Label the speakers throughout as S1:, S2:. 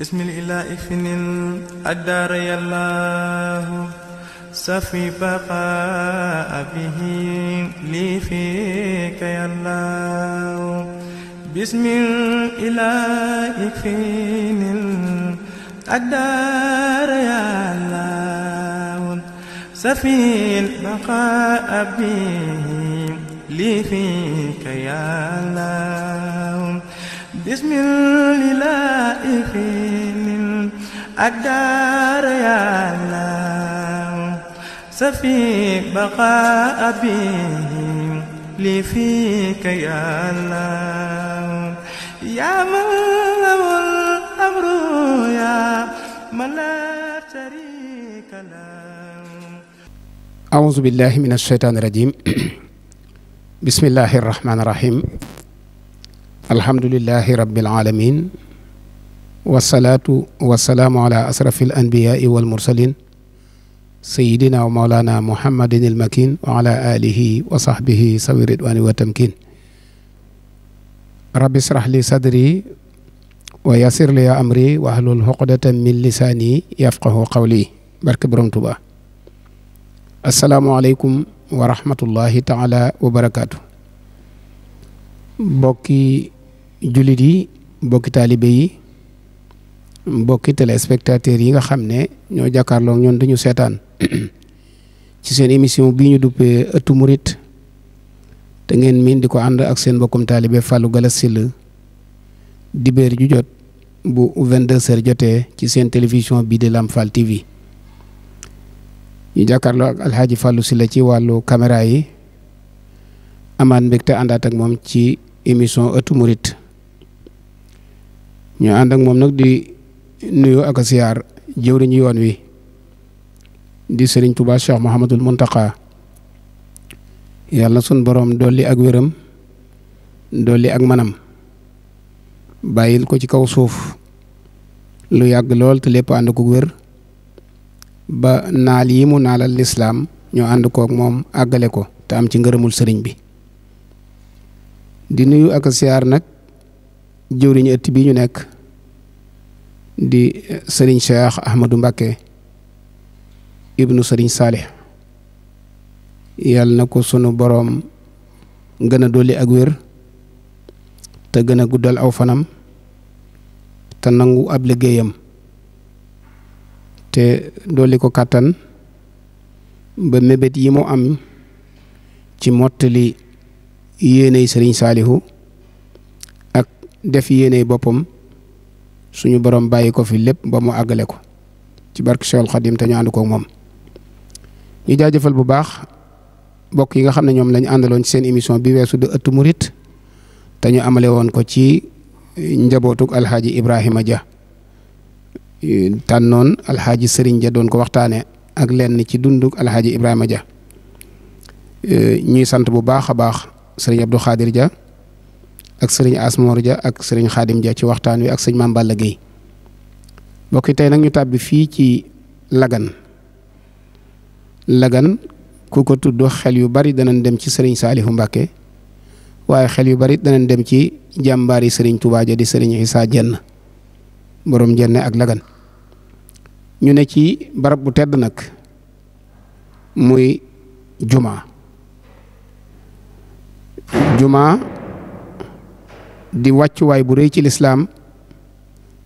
S1: بسم الإله فن الأدار يا الله سفي بقاء به لي فيك يا الله بسم الإله فن الأدار يا الله سفي البقاء به لي فيك يا الله bismillahi finin الدار يا الله سفي بقاء بهم لي فيك يا الله يا من له الأمر يا من لا شريك
S2: له أعوذ بالله من الشيطان الرجيم بسم الله الرحمن الرحيم alhamdulilahi rabbil alamin wasalaatu wasalaamu ala asrafi al anbiyaai wal mursalin sayidina wa maulana muhammadin il makin wa ala alihi wa sahbihi sawi ridwani wa tamkin rabbi israh li sadri wa yasir li amri wa ahlul xuqdatan min lisaani yafqahu qawli barke borom Tuubaa asalaamualeykum wa rahmatullahi taala wa barakaatu mbokki jullit yi mbokki taalibe yi mbokki téléspectateurs yi nga xam ne ñoo jàkkaarloo ñoom dañu seetaan ci seen émission bi ñu duppee ëttu murit te ngeen miin di ko ànd ak seen mbokkum taalibe Fallou Galass Syll dibéer ju jot bu 22h jotee ci seen télévision bii di Lamp Fall TV ñu jàkkaarloo ak Alxaaji Fallou Syll ci wàllu caméra yi amaat mbégte àndaat ak moom ci émission ëttu murit ñu ànd ak moom nag di nuyu ak a siyaar yoon wi di sëriñ Tuubaa Cheikh Mouhamadul Mountakha yàlla sun boroom dolli ak wéram dolli ak manam bàyyil ko ci kaw suuf lu yàgg lool te lépp ànd ko wér ba naal yi mu naalal lislaam ñu ànd kook moom àggale ko te am ci ngërëmul sëriñ bi di nuyu ak nag jëwriñu ëtt bi ñu nekk di sëriñ Cheikh Ahmadou Mbacké ibnu sëriñ Saalih yàlla na ko sunu boroom gën a dolli ak wér te gën a guddal aw fanam te nangu ab liggéeyam te dolli ko kàttan ba mébét yi mu am ci mottali yéeney sëriñ Saalihu def yéene boppam suñu borom bàyyi ko fi lépp ba mu àggale ko ci barke Xadim te ñu ànd koog moom. ñu jaajëfal bu baax mbokk yi nga xam ne ñoom lañu àndaloon ci seen émission bi weesu di ëttu murit te ñu amale woon ko ci njabootug alxaaji Ibrahima Dia tànnoon alxaaji Serigne Dia doon ko waxtaanee ak lenn ci dundug alxaaji Ibrahima Dia ñuy sant bu baax a baax Serigne Abdou Khadir Dia. ak sëriñ Asmor ja ak sëriñ Xaadim Dia ci waxtaan wi ak sëñ Mame Balla Guèye mbokk yi tey nag ñu tàbbi fii ci Lagan Lagan ku ko tudd xel yu bari dana dem ci sëriñ Saalihu Mbàkke waaye xel yu bari danañ dem ci jàmbaari sëriñ Tuubaa di sëriñ Isaa Jenn borom Jenn ak Lagan ñu ne ci barab bu tedd nag muy jumaa jumaa di wàccuwaay bu rëy ci lislaam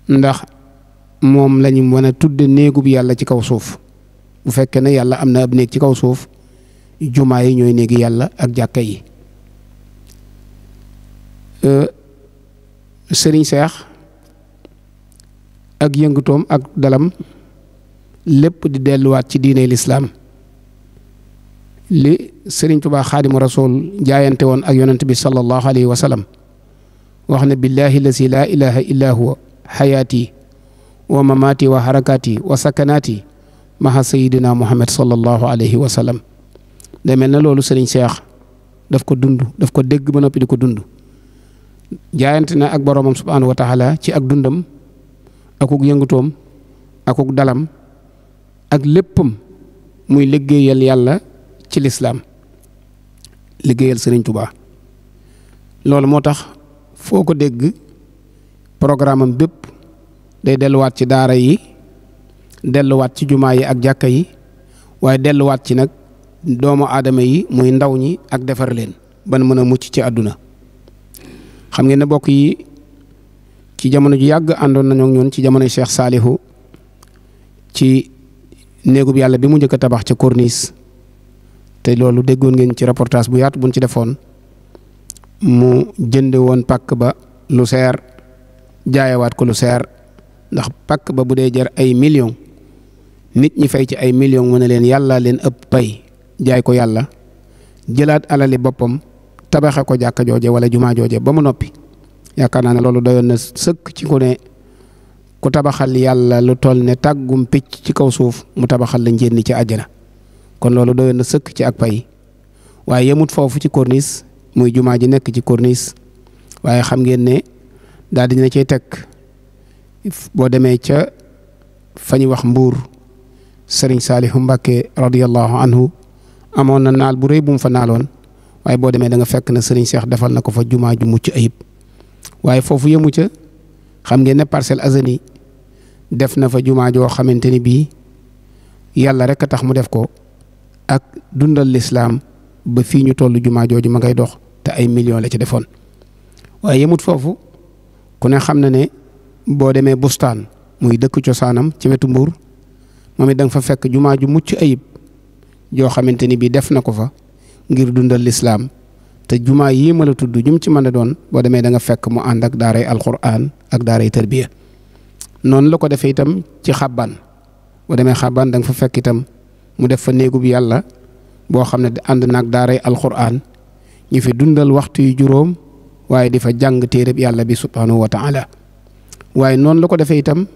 S2: ndax moom lañu mën a tudde néegub yàlla ci kaw suuf bu fekkee ne yàlla am na ab néeg ci kaw suuf jumaa yi ñooy néegi yàlla ak jàkka yi sëriñ euh, seex ak yëngutoom ak dalam lépp di delluwaat ci diine lislaam li sëriñ Tuubaa xaadimu rasuul jaayante woon ak yonent bi sallallahu alayhi wasalam wax ne billaahi lazi laa ilaha illa huwa xayaati wa mamaati wa xarakaati wa sakanaati maha sayidina muhammad sallallahu alayhi wa sallam day mel na loolu sëriñ Cheikh daf ko dund daf ko dégg ba noppi di ko dund jaayante na ak boroomam subhaanahu wa taala ci ak dundam akuk yëngutoom akuk dalam ak léppam muy liggéeyal yàlla ci lislaam liggéeyal sëriñ Tuubaa loolu moo tax foo ko dégg programme bépp day delluwaat ci daara yi delluwaat ci jumaa yi ak jàkka yi waaye delluwaat ci nag doomu aadama yi muy ndaw ñi ak defar leen ban mën a mucc ci àdduna xam ngeen ne bokk yi ci jamono ju yàgg àndoon nañoo ñun ci jamono Cheikh Saalihu ci néegub yàlla bi mu njëkk a tabax ci corniche te loolu déggoon ngeen ci reportage bu yaatu buñ ci defoon mu jënde woon pàkk ba lu seer jaayewaat ko lu seer ndax pàkk ba bu dee jar ay million nit ñi fay ci ay million mu ne leen yàlla leen ëpp pay jaay ko yàlla jëlaat alali boppam tabaxe ko jàkka jooje wala jumaa jooje ba mu noppi yaakaar naa ne loolu doyoon na sëkk ci ku ne ku tabaxal yàlla lu toll ne tàggum picc ci kaw suuf mu tabaxal la njéen ci àjjana kon loolu doyoon na sëkk ci ak pay waaye yemut foofu ci corniche muy jumaa ji nekk ci corniche waaye xam ngeen ne daal di na cay teg boo demee ca fa wax mbuur sëriñ Saalihu Mbàkke radiyallahu anhu amoon na naal bu rëy bu fa naaloon waaye boo demee da nga fekk na sëriñ Cheikh defal na ko fa jumaa ju mucc ayib waaye foofu yëmu ca xam ngeen ne Parcelles Assainies def na fa jumaa joo xamante ni bii yàlla rek a tax mu def ko ak dundal lislaam ba fii ñu toll jumaa jooju ma ngay dox te ay million la ci defoon waaye yemut foofu ku ne xam na ne boo demee bustaan muy dëkk cosaanam ci wetu mbuur moom it danga fa fekk jumaa ju mucc ayib joo xamante ni bii def na ko fa ngir dundal lislaam te jumaa yii ma la tudd jum ci mën doon boo demee da nga fekk mu ànd ak daaray alxuraan ak daaray tarbiya noonu la ko defee itam ci xabban boo demee xabban danga fa fekk itam mu def fa néegub yàlla boo xam ne ànd naag daaray alquran ñu fi dundal waxtu yu juróom waaye di fa jàng bi yàlla bi subhanahu wa taala waaye noonu la ko defee itam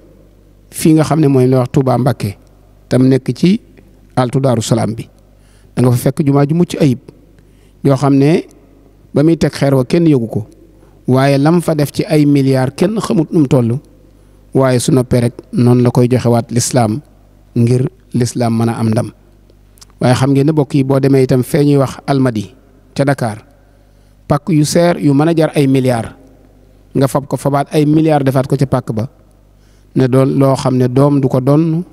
S2: fii nga xam ne mooy la wax Touba Mbakke tam nekk ci altu daaru salaam bi danga nga fa fekk jumaa ju mucc ayib yoo xam ne ba muy teg xeer wa kenn yëgu ko waaye lam fa def ci ay milliards kenn xamut nu mu toll waaye su noppee rek noonu la koy joxewaat lislaam ngir lislaam mën a am ndam waaye xam ngeen ne bokk yi boo demee itam fee ñuy wax almadi ca ndakaar pàkk yu seer yu mën a jar ay milliards nga fab ko fabaat ay milliards defaat ko ca pàkk ba ne doon loo xam ne doom du ko donn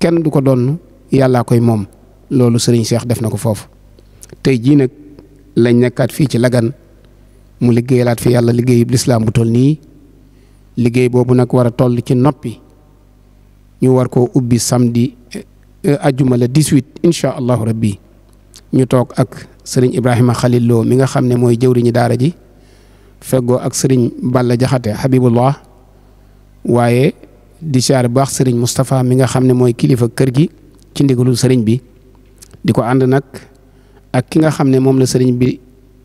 S2: kenn du ko donn yàlla koy moom loolu sëriñ Cheikh def na ko foofu tey jii nag lañ nekkaat fii ci Lagan mu liggéeyalaat fi yàlla liggéeyu lislaam bu toll nii liggéey boobu nag war a toll ci noppi ñu war koo ubbi samedi ajjuma la 18 incha allahu rabbi ñu toog ak sëriñ Ibrahima Khalil mi nga xam ne mooy jëwriñu daara ji feggoo ak sëriñ Balla Jaxate Habibullah waaye di siyaare bu baax sëriñ Moustapha mi nga xam ne mooy kilifa kër gi ci ndigalul sëriñ bi di ko ànd nag ak ki nga xam ne moom la sëriñ bi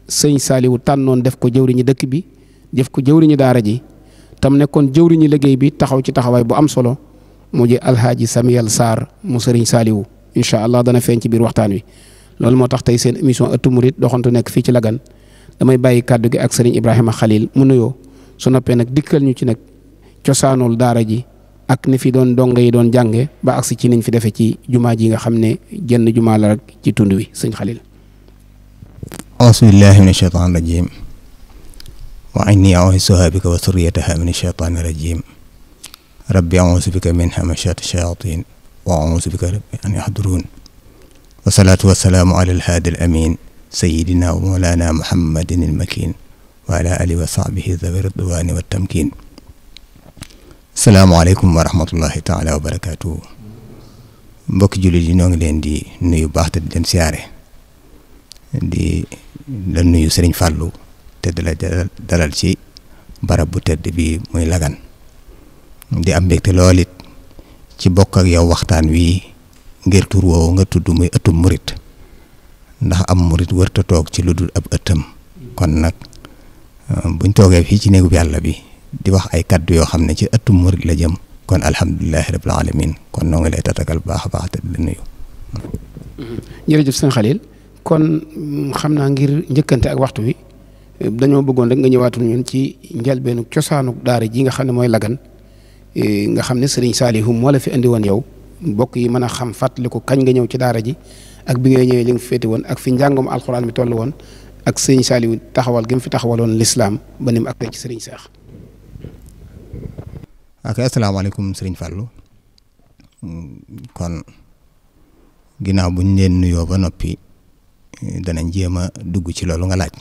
S2: sëñ Saaliwu tànnoon def ko jëwriñu dëkk bi def ko jëwriñu daara ji tam nekkoon jëwriñu liggéey bi taxaw ci taxawaay bu am solo. moo ji alhaaji Samuel saar mu sëriñ Saaliwu incha allah dana feeñ ci biir waxtaan wi lool moo tax tey seen émission ëttu murit doxantu nekk fii ci Lagan damay bàyyi kàddu gi ak sëriñ Ibrahima Khalil mu nuyoo su noppee nag dikkal ñu ci nag cosaanul daara ji ak ni fi doon donga yi doon jànge ba agsi ci niñ fi defee ci jumaa ji nga xam ne jenn jumaa la rek ci tund wi sëñ Khalil
S3: auzu billahi min asheytaan rajim wa inni auzu bika rabbi auusu bika min hamashati shayatin wa auusu bika an yahduruun wasalaatu wasalaamu ala alhaadi al amin wa mawlana muhammadin al makin wa ala alihi wa sahbihi zawi ridwaani wa tamkin salaamualeykum wa rahmatullahi taala wa barakaatu mbokki jullit yi noo leen di nuyu baax te siyaare di la nuyu sëriñ fàllu te dalal ci barab bu tedd bi di am mbégte lool ci bokk ak yow waxtaan wi ngir tur woowu nga tudd muy ëttum murit ndax am murit wërta toog ci lu dul ab ëttam kon nag euh, buñ toogee fii ci néegub yàlla bi di wax ay kaddu yoo xam ne ci atum murit la jëm kon alhamdulilahi rabbil alamin kon noo ngi lay tatagal baax a baax te di la nuyu
S2: Xalil kon mm, xam naa ngir njëkkante ak waxtu wi euh, dañoo buggoon rek nga ñëwaatul ñun ci njëlbeenu cosaanu daara ji nga xam ne mooy lagan Eh, nga xam ne sëriñ Saalihu moo la fi indi woon yow mbokk yi mën a xam fàttaliku kañ nga ñëw ci daara ji ak bi ngay ñëwee li nga fi féete woon ak fi njàngum alxuraan mi toll woon ak sëriñ Saalihu taxawal gi mu fi taxawaloon lislaam ba ni mu ak ci sëriñ Seex. ak asalaamaaleykum sëriñ Fallou
S3: kon ginnaaw bu ñu leen nuyoo ba noppi danañ jéem a dugg ci loolu nga laaj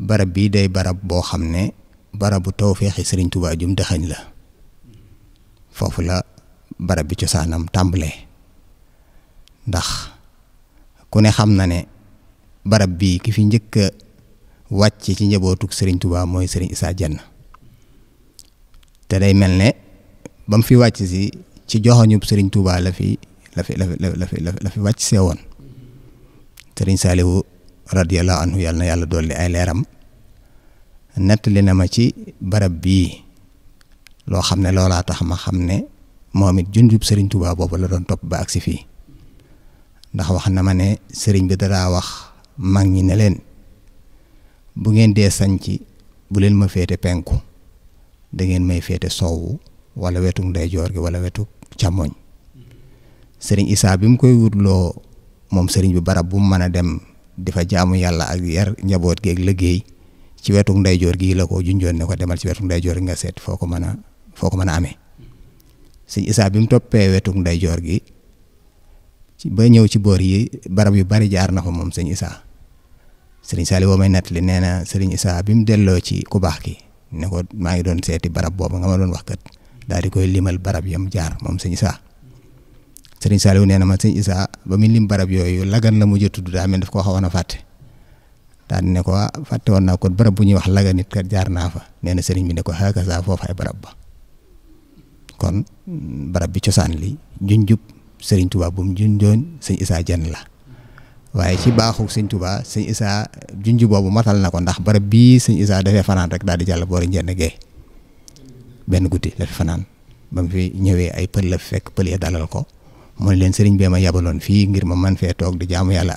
S3: barab bii day barab boo xam ne. barabu tawféexi sëriñ Tuubaa jum dëxañ la foofu la barab bi cosaanam tàmbalee ndax ku xam na ne barab bii ki fi njëkk a wàcc ci njabootug sëriñ Tuubaa mooy sëriñ Isaa Jenn te day mel ne ba mu fi wàcc si ci joxoñub sëriñ Tuubaa la fi la fi la fi la fi la fi wàcc anhu yàlla na yàlla dolli ay leeram nettali na ma ci barab bii loo xam ne loolaa tax ma xam ne moom it junjub sëriñ Tuubaa la doon topp ba agsi fii ndax wax na ma ne sëriñ bi dadaa wax mag ñi ne leen bu ngeen dee sañci bu leen ma féete penku da may féete soowu wala wetu ndeyjoor gi wala wetu càmmoñ sëriñ Isaa bi mu koy wutloo moom sëriñ bi barab bu mu mën a dem di jaamu yàlla ak yar njaboot geek ak liggéey ci wetu ndeyjoor gi la ko junjoon ne ko demal ci wetu ndeyjoor gi nga seet foo ko mën foo ko mën a amee sëñ bi mu toppee ndeyjoor gi ba ñëw ci boor yi barab yu bari jaar na fa moom sëñ Isaa sëriñ Saali boo may nettali nee na sëriñ Isaa bi mu delloo ci ku baax ki ne ko maa ngi doon seeti barab boobu nga ma doon wax kat daal di koy limal barab yam jaar moom sëñ Isaa sëriñ Saali nee na ma sëñ Isaa ba mu lim barab yooyu lagan la mujj a tudd daa mel daf koo xawoon a fàtte. daal ne ko ah, fàtte woon naa kon barab bu ñuy wax laga nit kat jaar naa fa nee na sëriñ ne ko xaakasa foofu ay barab ba kon barab bi cosaan li junjub sëriñ Tuubaa bu mu junjoon sëñ Isaa Jeen la waaye ci baaxu sëñ Tuubaa sëñ Isaa junj boobu matal na ko ndax barab bii sëñ Isaa dafee fanaan rek daal di jàll boori njënd gee benn guddi dafa fanaan ba fi ñëwee ay pël la fekk pël ya dalal ko mu ne leen sëriñ bee ma yabaloon fii ngir ma man fee toog di jaamu yàlla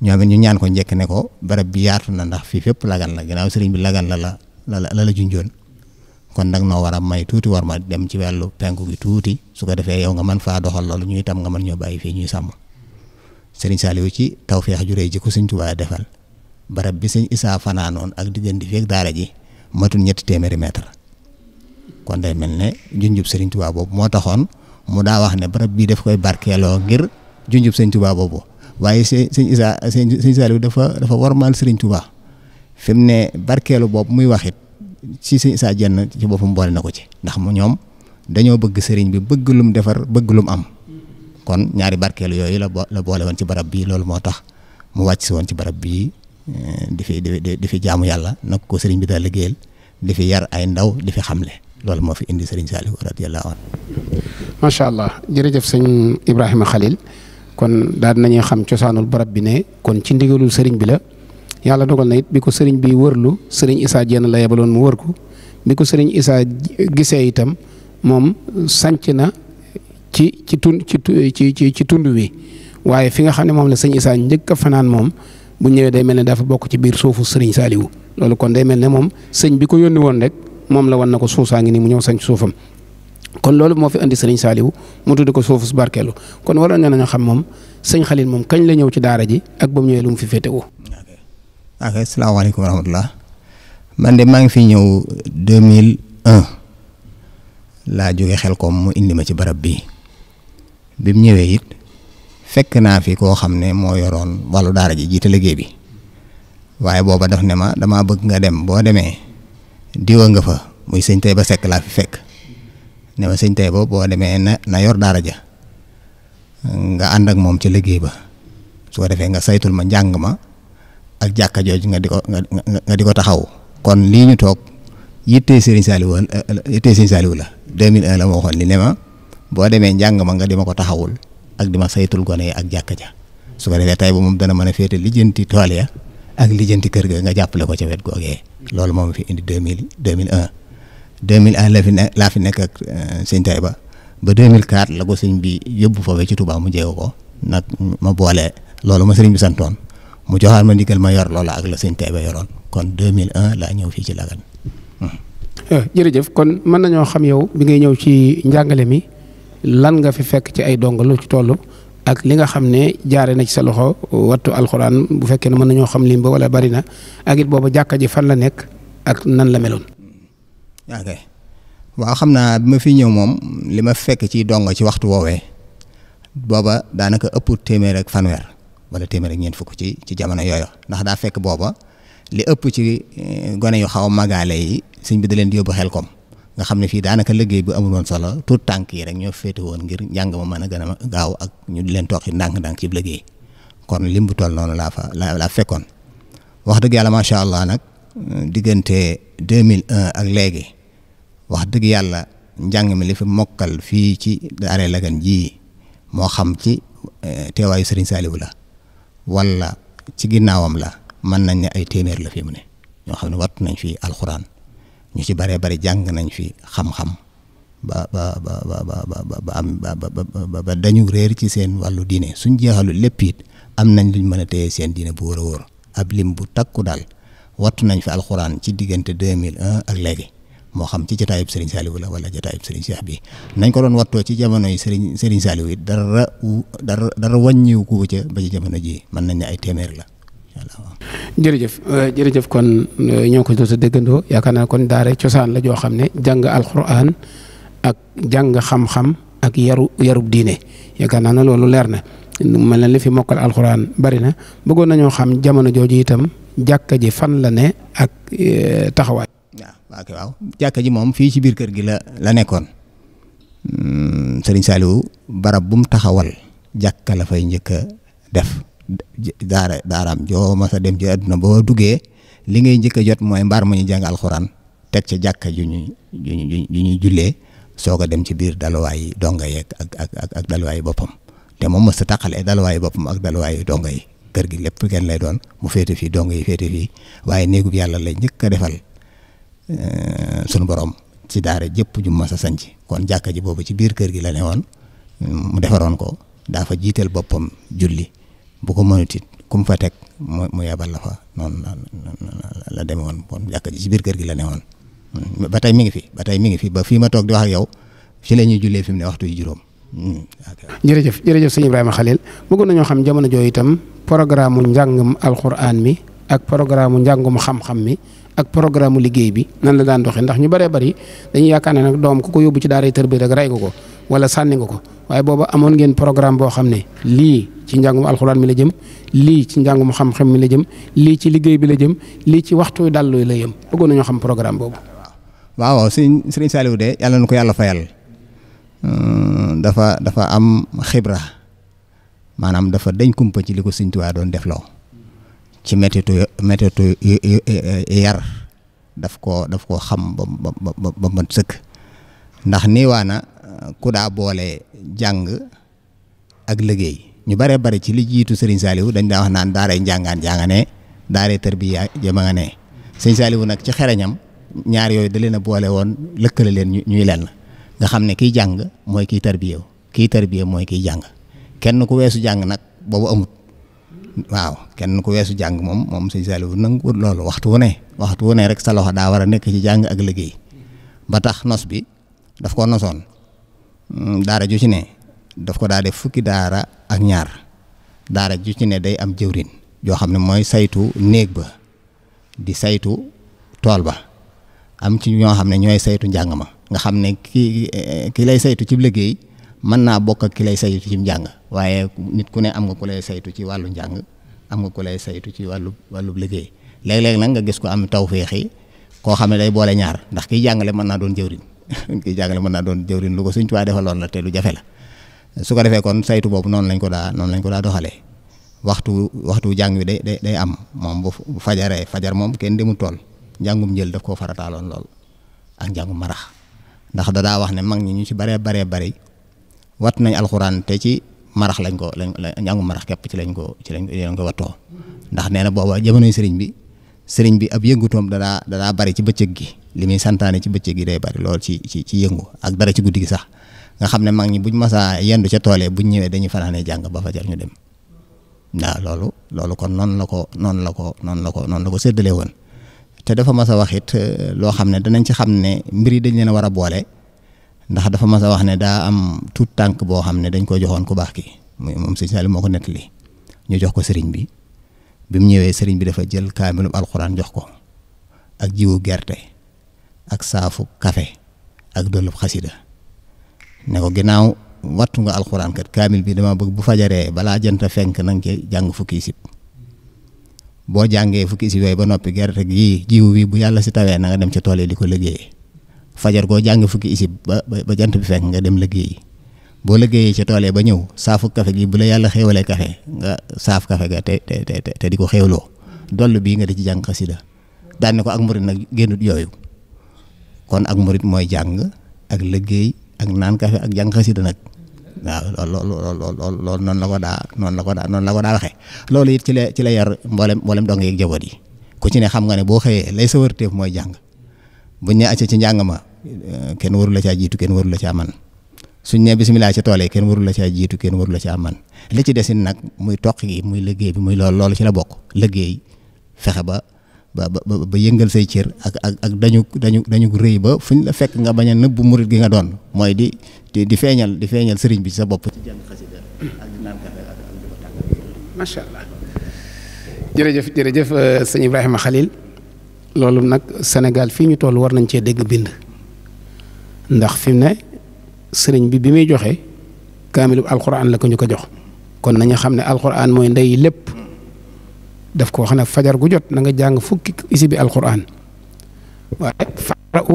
S3: ñoom it ñu ñaan ko njëkk ne ko barab bi yaatu na ndax fi fépp lagan la ginnaaw sëriñ bi lagan la la la la junjoon kon nag noo war a may tuuti war ma dem ci wàllu penku gi tuuti su ko defee yow nga man faa doxal loolu ñuy tam nga man ñoo bàyyi fii ñuy sàmm sëriñ Saliou ci taw ju rëy ji ko sëñ Tuubaa defal barab bi sëñ Isaa fanaanoon ak di feek daara ji matul ñetti téeméeri mètre kon day mel ne junjub sëriñ Tuubaa boobu moo taxoon mu daa wax ne barab bii daf koy barkeeloo ngir junjub sëñ Tuubaa waaye sëñ sëñ Issa sëñ sëñ dafa war warmaal Serigne Touba fi mu ne barkeelu boobu muy waxit ci sëñ Issa Diène ci boppam boole na ko ci ndax mu ñoom dañoo bëgg sëriñ bi bëgg lum defar bëgg lum am kon ñaari barkeelu yooyu la boole woon ci barab bii loolu moo tax mu wàcc si woon ci barab bii eh, di fi di di fi jaamu yàlla nag ko sëriñ bi daal liggéeyal di fi yar ay ndaw di fi xam xamle loolu moo fi indi sëriñ Saliou radiyallahu anhu
S2: macha allah jërëjëf sëñ Ibrahima Khalil. kon daal nañuy xam cosaanul barab bi ne kon ci ndigalul sëriñ bi la yàlla dogal na it bi ko sëriñ bi wërlu sëriñ Issa Diène la yebaloon mu wër ko bi ko sëriñ Issa gisee itam moom sanc na ci ci tund ci ci ci tund wi waaye fi nga xam ne moom la sëriñ njëkk a fanaan moom bu ñëwee day mel ne dafa bokk ci biir suufu sëriñ Saliou loolu kon day mel ne moom sëñ bi ko yónni woon rek moom la wan na ko suusaa ngi nii mu ñëw sanc suufam kon loolu moo fi indi sëriñ Saliou mu tudd ko suufu su barkeelu kon waroon na nañu xam moom sëñ Xalil moom kañ la ñëw ci daara ji ak ba mu ñëwee lu mu fi féetewoo.
S3: ok asalaamaaleykum wa man de maa ngi fi ñëw 2001 laa jóge xel koom mu indi ma ci barab bii bi mu ñëwee it fekk naa fi koo xam ne moo yoroon wàllu daara ji jiite liggéey bi waaye booba daf ne ma damaa bëgg nga dem boo demee diwa nga fa muy sëñ tey ba sekk laa fi fekk. nema ma sëñ Taïba boo demee na na yor daara ja nga ànd ak moom ci liggéey ba su defee nga saytul ma njàng ma ak jàkka jooju nga di ko nga di ko taxaw kon lii ñu toog yittee Serigne Saliou yittee Serigne Saliou la 2001 la ma waxoon li ne ma boo demee njàng ma nga di ma ko taxawul ak di ma saytul gone yi ak jàkka ja su ko defee Taïba moom dana mën a féete lijjanti tool ya ak lijjanti kër ga nga jàppale ko ca wet googee loolu moom fi indi 2000 2001 2001 la fi ne laa fi nekk ak euh, ba ba ba mille la ko sëñ bi yóbbu foofee ci tubaa mu jéego ko nag ma boole loolu ma sëriñ bi santoon mu joxaat ma ndigal ma yor loola ak la sëñ Taïba yoroon kon 2001 laa ñëw fii ci Lagane.
S2: Hmm. Euh, jërëjëf kon mën nañoo xam yow bi ngay ñëw ci njàngale mi lan nga fi fekk ci ay dongalu ci toll ak li nga xam ne jaare na ci sa loxo watu alxuraan bu fekkee ne mën nañoo xam lim ba wala bari na ak boobu jàkka ji fan la nekk ak nan la meloon. ok waaw xam naa bi ma fi ñëw moom li ma fekk ci dongo ci waxtu woowee
S3: booba daanaka ëpp téeméer ak fanweer wala téeméer ak ñeent fukk ci ci jamono yooyu ndax daa fekk booba li ëpp ci eh, gone yu xaw a magaale yi sëñ bi da leen di yóbbu xel kom nga xam ne fii daanaka liggéey bu amul woon solo tout tànk yi rek ñoo féete woon ngir njàng ma mën a gën a gaaw ak ñu di leen toog ci ndànk-ndànk ci liggéey kon lim bu toll noonu laa fa laa fekkoon wax dëgg yàlla macha allah nag diggante 2001 ak léegi. wax dëgg yàlla njàng mi li fi mokkal fii ci daare Lagan ji moo xam ci eh, teewaayu Serigne Saliou la wala ci ginnaawam la mën nañ ne ay téeméer la fi mu ne ñoo xam ne wattu nañ fi alxuraan ñu ci baree bari jàng nañ fi xam-xam ba ba ba ba ba ba dañu réer ci seen wàllu diine suñ jeexalu lépp it am nañ luñ mën a téye seen diine bu wóor a wóor ab lim bu takku daal wattu nañ fi alxuraan ci diggante 2001 ak léegi. moo xam ci jotaayub Serigne Saliou la wala jotaayub Serigne Cheikh bi nañ ko doon wattoo ci jamono yi Serigne Serigne Saliou it dara dara dara wàññiwu ko ca ba ci jamono ji mën nañ ne ay téeméer la.
S2: jërëjëf euh, jërëjëf kon euh, ñoo ko doon dëggandoo yaakaar naa kon daara cosaan la joo xam ne jàng alxuraan ak jàng xam-xam ak yaru yarub diine yaakaar naa ne loolu leer na mel na lefi mokkal alxuraan bari na bëggoon nañoo xam jamono jooju itam jàkka ji fan la ne ak euh, taxawaat
S3: waaw kay waaw jàkka ji moom fii ci biir kër gi la la nekkoon
S2: hmm, sëriñ Saliou barab bu
S3: taxawal jàkka la fay njëkk a def daara daaraam joo ma dem ji àdduna boo duggee li ngay njëkk jot mooy mbaar mu ñu jàng alxuraan teg ca jàkka ju ñuy ñuy jullee soog a dem ci biir daluwaay donga yeeg ak ak ak ak daluwaay boppam te moom mos a taqale daluwaay boppam ak daluwaay donga yi kër gi lépp kenn lay doon mu féete fii donga yi féete fii waaye néegub yàlla la njëkk a defal. Euh, sunu borom si daara jëpp ju ma a sanc kon jàkka ji boobu ci biir kër gi la ne woon mu defaroon ko daa fa jiital boppam julli bu ko mënut it fa teg mu mu yebal la fa noonu la la demee woon kon jàkka ji ci biir kër gi la ne woon ba tey mi ngi fi ba tey mi ngi fi ba fii ma toog di wax ak yow fi la ñuy jullee fi mu ne waxtu yu juróom.
S2: jërëjëf jërëjëf sëñ Ibrahima Khalil bëggoon nañoo xam jamono jooju itam programme mu njàngum alxuraan mi ak programme mu njàngum xam mi. ak programme liggéey bi nan la daan doxee ndax ñu bëree bëri dañuy yaakaar ne nag doom ku ko yóbbu ci daaray tër bi rek rey ko ko wala sànni nga ko waaye booba amoon ngeen programme boo xam ne lii ci njàngum alxuraan mi la jëm lii ci njàngum xam mi la jëm lii ci liggéey bi la jëm lii ci waxtu dal la yem bëggoon nañoo xam programme boobu. waaw waaw
S3: sëñ sëriñ Saliou de yàlla na ko yàlla fayal euh, dafa dafa am xibra maanaam dafa dañ kumpa ci li ko sëñ Tuubaa doon defloo ci méttitu méttitu yar daf koo daf koo xam ba ba ba mën sëkk ndax niiwaana ku daa boole jàng ak liggéey ñu bare bari ci li jiitu Serigne Saliou dañ daa wax naan daaray njàngaan jàngane daaray tërbiya jëma nga ne Serigne Saliou nag ci xereñam ñaar yooyu da leen a boole woon lëkkale leen ñuy leen nga xam ne kiy jàng mooy kiy tarbiyew kiy tarbiyew mooy kiy jàng kenn ku weesu jàng nag boobu amut waaw kenn ku weesu jàng moom moom sëñ Saliou nanguwut loolu waxtu wu waxtu wu ne rek sa daa war a nekk ci jàng ak liggéey ba tax nos bi daf ko nosoon hmm, daara ju ci ne daf ko daa def fukki daara ak ñaar daara ju ci ne day am jëwrin joo xam ne mooy saytu néeg ba di saytu tool ba am ci ñoo xam ne ñooy saytu njàng ma nga xam ne ki eh, ki lay saytu ci liggéey mën naa bokk ak ki lay saytu ci njàng waaye nit ku ne am nga ku lay saytu ci wàllu njàng am nga ku lay saytu ci wàllu wàllu liggéey léeg-léeg nag nga gis ko am tawféex yi koo xam ne day boole ñaar ndax kiy jàngale mën naa doon jëwriñ kiy jàngale mën naa doon jëwriñ lu ko suñ tuwaa defaloon la te lu jafe la su ko defee kon saytu boobu noonu lañ ko daa noonu lañ ko daa doxalee waxtu waxtu jàng wi day day am moom bu fajaree fajar moom kenn demul tool njàngum njël daf koo farataaloon lool ak njàngum marax ndax da wax ne mag ñi ñu ci baree baree bari wat nañ alxuraan te ci marax lañ ko lañ njàngu marax képp ci lañ ko ci lañ ko wattoo ndax nee na booba jamonoy sëriñ bi sëriñ bi ab yëngutoom dadaa dadaa bari ci bëccëg gi li muy santaane ci bëccëg gi day bari lool ci ci ci yëngu ak dara ci guddi gi sax nga xam ne mag ñi buñ masaa yendu ca toole yi buñ ñëwee dañuy fanaanee jàng ba fajar ñu dem waaw loolu loolu kon noonu la ko noonu la ko noonu la ko noonu la ko séddalee woon te dafa mas a wax it euh, loo xam ne danañ ci xam ne mbir yi dañ leen a a boole ndax dafa mas a wax ne daa am tuut tànk boo xam ne dañ ko joxoon ku baax ki muy moom sëñ Saliou moo ko nettali ñu jox ko sëriñ bi bi mu ñëwee sëriñ bi dafa jël kaamilub alxuraan jox ko ak jiwu gerte ak saafu kafe ak dollub xasida ne ko ginnaaw wattu nga alxuraan kat kaamil bi dama bëgg bu fajaree balaa jënta fenk na nga ci jàng fukki sib boo jàngee fukki sib yooyu ba noppi gerte gi jiwu bi bu yàlla si tawee na nga dem ca tool yi di ko liggéey fajar goo jàng fukki isib ba ba jant bi fekk nga dem liggéeyi boo liggéeyee ci tool ba ñëw saafu kafe gi bu la yàlla xéewalee kafe nga saaf kafe ga te di ko xéewloo dollu bii nga de ci jàng xasida daan ne ko ak murit nag génnut yooyu kon ak murit mooy jàng ak liggéey ak naan kafe ak jàng xasida nag waaw loolu loolu loolu loolu la ko daa noonu la ko daa noonu la ko daa loolu it ci la ci la yar mboolem mboolem dong yeeg jaboot yi ku ci ne xam nga ne boo xëyee lay sa wërteef mooy jàng. buñ ne acca ci njàng ma eh, kenn warula la jiitu kenn waru la caa man suñ ne bisimilah ci tool yi kenn waru la caa jiitu kenn waru la caa man li ci desin nag muy toq gi muy liggéey bi muy loolu lool ci la bokk liggéey fexe ba ba ba yëngal say cër ak ak ak dañu dañu dañu rëy ba fuñ la fekk nga bañ a nëbbu murit gi nga doon mooy di di feeñal di feeñal sëriñ bi ci sa bopp. ci
S2: jërëjëf jërëjëf eh, sëñ Ibrahima Khalil. loolu nag Sénégal fii ñu toll war nañ cee dégg bind ndax fi mu ne sëriñ bi bi muy joxe kaamilub alxuraan la ko ñu ko jox kon nañu xam ne alxuraan mooy ndey lépp daf ko wax ne fajar gu jot na nga jàng fukki isi bi alxuraan waaye faqra'u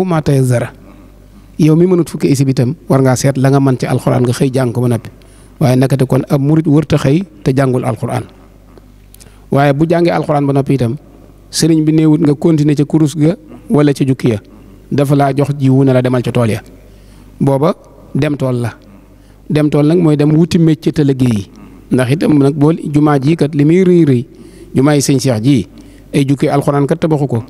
S2: yow mi mënut fukki isi bi itam war ngaa seet la nga mën ci alxuraan nga xëy jàng ko ba noppi waaye naka te kon ab murit wërta xëy te jàngul alxuraan waaye bu jàngee alxuraan ba noppi itam. sëriñ bi néewut nga continuer ca kurus ga wala ca jukki ya dafa laa jox jiwu ne la demal ca tool ya booba dem tool la dem tool nag mooy dem wuti métier te liggéey yi ndax itam nag bool jumaa jii kat li muy rëy rëy jumaa yi sëñ Seex jii ay jukki alxuraan kat tabaxu ko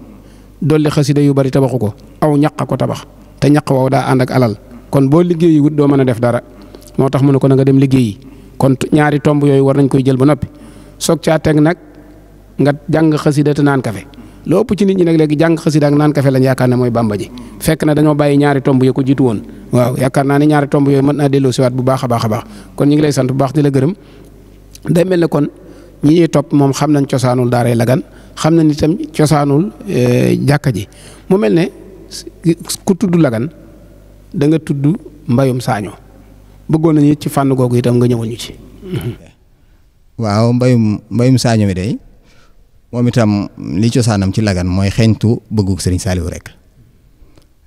S2: dolli xasida yu bari tabaxu ko aw ñaq ko tabax te ñaq woowu daa ànd ak alal kon boo liggéeyi wut doo mën a def dara moo tax mu ne ko na dem liggéeyi kon ñaari tomb yooyu war nañ koy jël ba noppi nga jàng xasida te naan kafe lu ëpp ci nit ñi nag léegi jàng xasida ak naan kafe lañ yaakaar ne mooy bàmba ji fekk na dañoo bàyyi ñaari tomb yi ko jiitu woon waaw yaakaar naa ne ñaari tomb yooyu mën naa delloo siwaat bu baax a baax a baax kon ñu ngi lay sant bu baax di la gërëm day mel ne kon ñi ñuy topp moom xam nañ cosaanul daaray Lagan xam nañ itam cosaanul e, jàkka ji mu mel ne ku tudd Lagan da nga tudd mbayum saaño bëggoon nañu ci fànn googu itam nga ñëwal ñu waaw mbayum mbayum saaño mi day moom itam
S3: lii cosaanam ci lagan mooy xeeñtu bëggug sëriñ saaliwu rek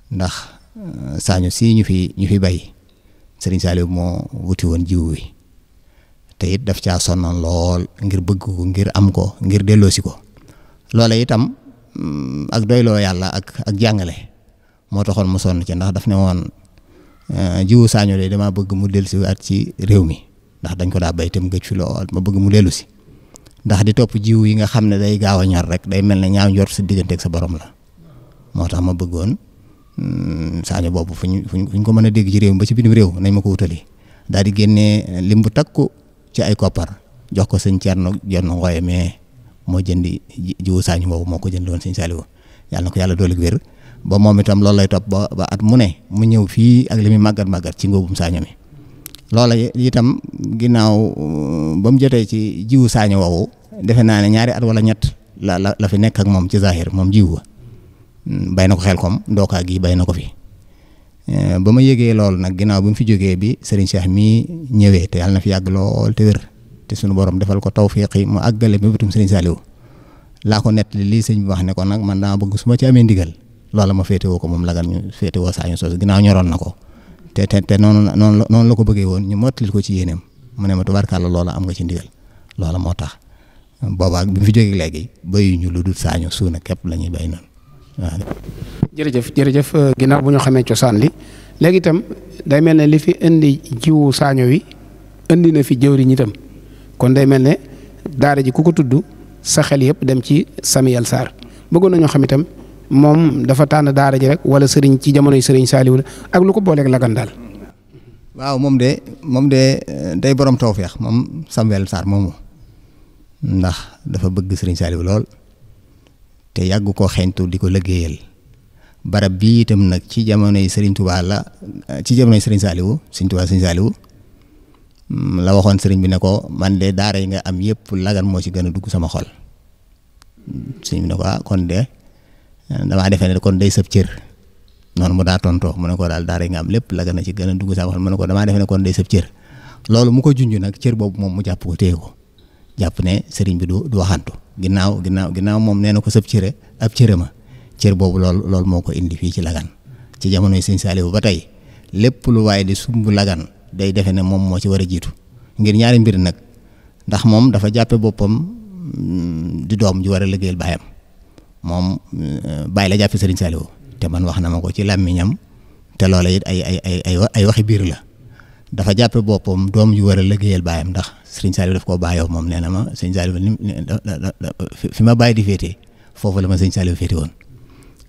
S3: ndax euh, saañu si ñu fi ñu fi bay sëriñ saaliwu moo wuti woon jiw wi te it daf caa sonnoon lool ngir bëgg ngir am ko ngir delloosi ko loola itam mm, ak doyloo yàlla ak ak jàngale moo taxoon mu sonn ci ndax daf ne woon euh, jiwu saañu de damaa bëgg mu dellusiwaat ci réew mi ndax dañ ko daa bay te mu gëj fi lool ma bëgg mu dellu si ndax di topp jiw yi nga xam ne day gaaw a ñor rek day mel ne ñaaw ñor sa digganteeg sa borom la moo tax ma bëggoon mm, saaño boobu fu ñu fu ko mën a dégg ci réew ba ci bitim réew nañ ma ko wutali daal di génnee lim bu takku ci ay koppar jox ko sëñ Thierno jonn Ngoye mais moo jëndi jiwu saañu boobu moo ko jënd woon sëñ Saliou yàlla na ko yàlla doolu wér ba moom itam loolu lay topp ba ba at mu ne mu ñëw fii ak li muy màggat màggat ci ngóobum saaño mi loola itam ginnaaw uh, ba mu jotee ci jiwu saañu woowu defe naa ne ñaari at wala ñett la la la nekk ak moom ci zahir moom jiwu hmm, bay na ko xel kom ndookaa gi bay na ko fi eh, ba ma yëgee loolu nag ginaaw bi mu fi jógee bi Serigne Cheikh mii ñëwee te yàlla na fi yàgg lool te wér te sunu borom defal ko tawfiq yi mu àggale butum bitum Serigne Saliou laa ko nett lii sëñ bi wax ne ko nag man dama bëgg su ma ci amee ndigal loola ma féetewoo ko moom lagan ñu féetewoo saa ñu sos ginnaaw ñoroon na ko. te te te noonu noonu noonu la ko bëggee woon ñu mottalil ko ci yéeneem mu ne ma tubaarkàlla loola am nga ci ndigal loola moo tax boobaa bi fi jógee léegi béyu ñu lu dul saañu suuna képp la ñuy béy noonu
S2: jërëjëf jërëjëf euh, ginnaaw bu ñu xamee cosaan li léegi itam day mel ne li fi indi jiwu saaño wi indi na fi jëwriñ itam kon day mel ne daara ji ku ko tudd sa xel yëpp dem ci Samuel Sarr bëggoon nañoo xam itam moom dafa tànn daara ji rek wala sëriñ ci jamonoy sëriñ Saaliw la ak lu ko booleeg lagan daal.
S3: waaw moom de moom de eh, day boroom borom tawféex moom Samuel Sarr moomu ndax dafa bëgg sëriñ Saaliw lool te yàgg koo xeeñtu di ko liggéeyal barab bii itam nag ci jamonoy sëriñ Tuubaa la eh, ci jamonoy sëriñ saaliwu sëriñ Tuubaa sëriñ Saaliw mm, la waxoon sëriñ bi ne ko man de daara yi nga am yëpp lagan moo ci gën a dugg sama xol mm, sëriñ bi ne ko ah kon de. damaa defee ne kon day sëb cër noonu mu daa tontoo mu ne ko daal daara nga am lépp la na ci gën a dugg sama xel mu ko damaa defee ne kon day sëb cër loolu mu ko junj nag cër boobu moom mu jàpp ko téye ko jàpp ne sëriñ bi du du waxantu ginnaaw ginnaaw ginnaaw moom nee na ko sëb cere a cëre ma cër boobu lool loolu moo ko indi fii ci lagan ci jamonoy sëñ Saaliwu ba tey lépp lu waaye di sumb lagan day defe na moom moo ci war a jiitu ngir ñaari mbir nag ndax moom dafa jàppe boppam mm, di doom ju war a liggéeyal baayam moom euh, bàyyi la jàppe sëriñ Saliou te man wax na ma ko ci làmmiñam te loola it ay ay ay ay waxi biir la dafa jàppe boppam doom ji war a liggéeyal baayam ndax sëriñ Saliou daf koo bàyyoo moom nee na ma sëriñ Saliou fi ma bàyyi di féete foofu la ma sëriñ Saliou féete woon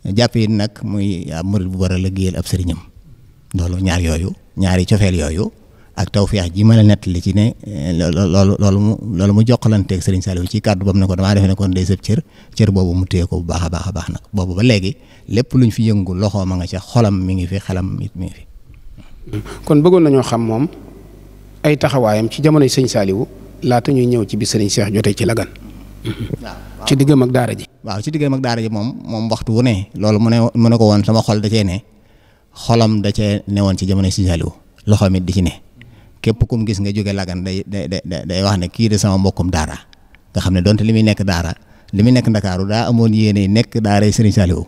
S3: jàpp it nag muy murid bu war a liggéeyal ab sëriñam loolu ñaar yooyu ñaari cofeel yooyu ak tawféex ji ma la li ci ne eh, loolu loolu mu loolu mu jokkalanteeg Serigne Saliou ci kàddu bam na ko damaa defe ne kon day sëb cër cër boobu mu téye ko bu baax a baax a baax nag boobu ba léegi lépp luñ fi yëngu loxoo ma nga ca xolam mi ngi fi
S2: xelam mi ngi fi. kon bëggoon nañoo xam moom ay taxawaayam ci jamonoy sëñ saaliwu laata ñuy ñëw ci bi Serigne Cheikh jotee ci Lagan. waaw ci diggam mag daara ji.
S3: waaw ci diggam mag daara ji moom moom waxtu wu ne loolu mu ne mu ne ko woon sama xol da cee ne xolam da newoon ci jamonoy sëñ loxoom di ci ne képp kum gis nga jóge lagan day day day wax ne kii de sama mbokkum dara nga xam ne donte li muy nekk daara li muy nekk ndakaaru daa amoon yéene nekk daara Serigne Saliou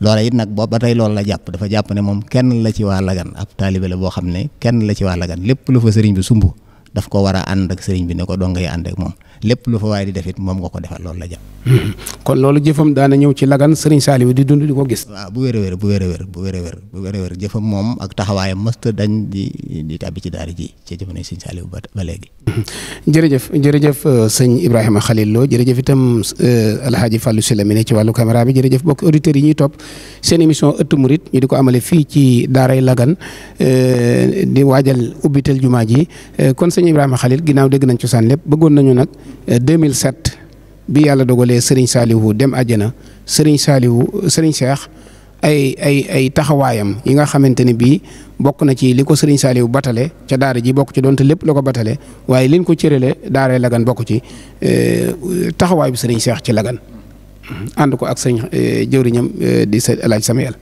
S3: loola it nag boobu ba tey loolu la jàpp dafa jàpp ne moom kenn la ci waa lagan a taalibe la boo xam ne kenn la ci waa lagan lépp lu fa sëriñ bi sumbu daf ko war a ànd ak sëriñ bi ne ko dong ngay ànd moom lépp lu fa waaye di def it moom nga ko defal loolu la jàpp. kon loolu jëfam daana ñëw ci Lagane
S2: Serigne Saliou di dund di ko gis. waaw bu wér a wér bu wér a wér
S3: bu wér a wér bu wér a wér jëfam moom ak taxawaayam mësta dañ di di tàbbi ci daara ji ci jamono Serigne Saliou ba ba léegi.
S2: jërëjëf jërëjëf euh, sëñ Ibrahima Khalil Lo jërëjëf itam euh, El Hadj Fallou Sylla mi ne ci wàllu caméra bi jërëjëf bokk auditeurs yi ñuy topp seen émission ëttu murit ñu di ko amale fii ci daaray Lagane euh, di waajal ubbitel jumaa ji kon sëñ Ibrahima Khalil ginnaaw dégg nañ cosaan lépp bëggoon nañu nag 2007 bi yàlla dogalee Serigne Saliou dem àjjana Serigne saaliwu Serigne Cheikh ay ay ay taxawaayam yi nga xamante ne bii bokk na ci li ko Serigne Saliou batale ca daara ji bokk ci donte lépp la ko batale waaye liñ ko cërale daaree Lagan bokk ci euh, taxawaay bi Serigne Cheikh ci Lagan ànd ko ak sëñ euh, jëwriñam euh, di sa El Hadj Samuel.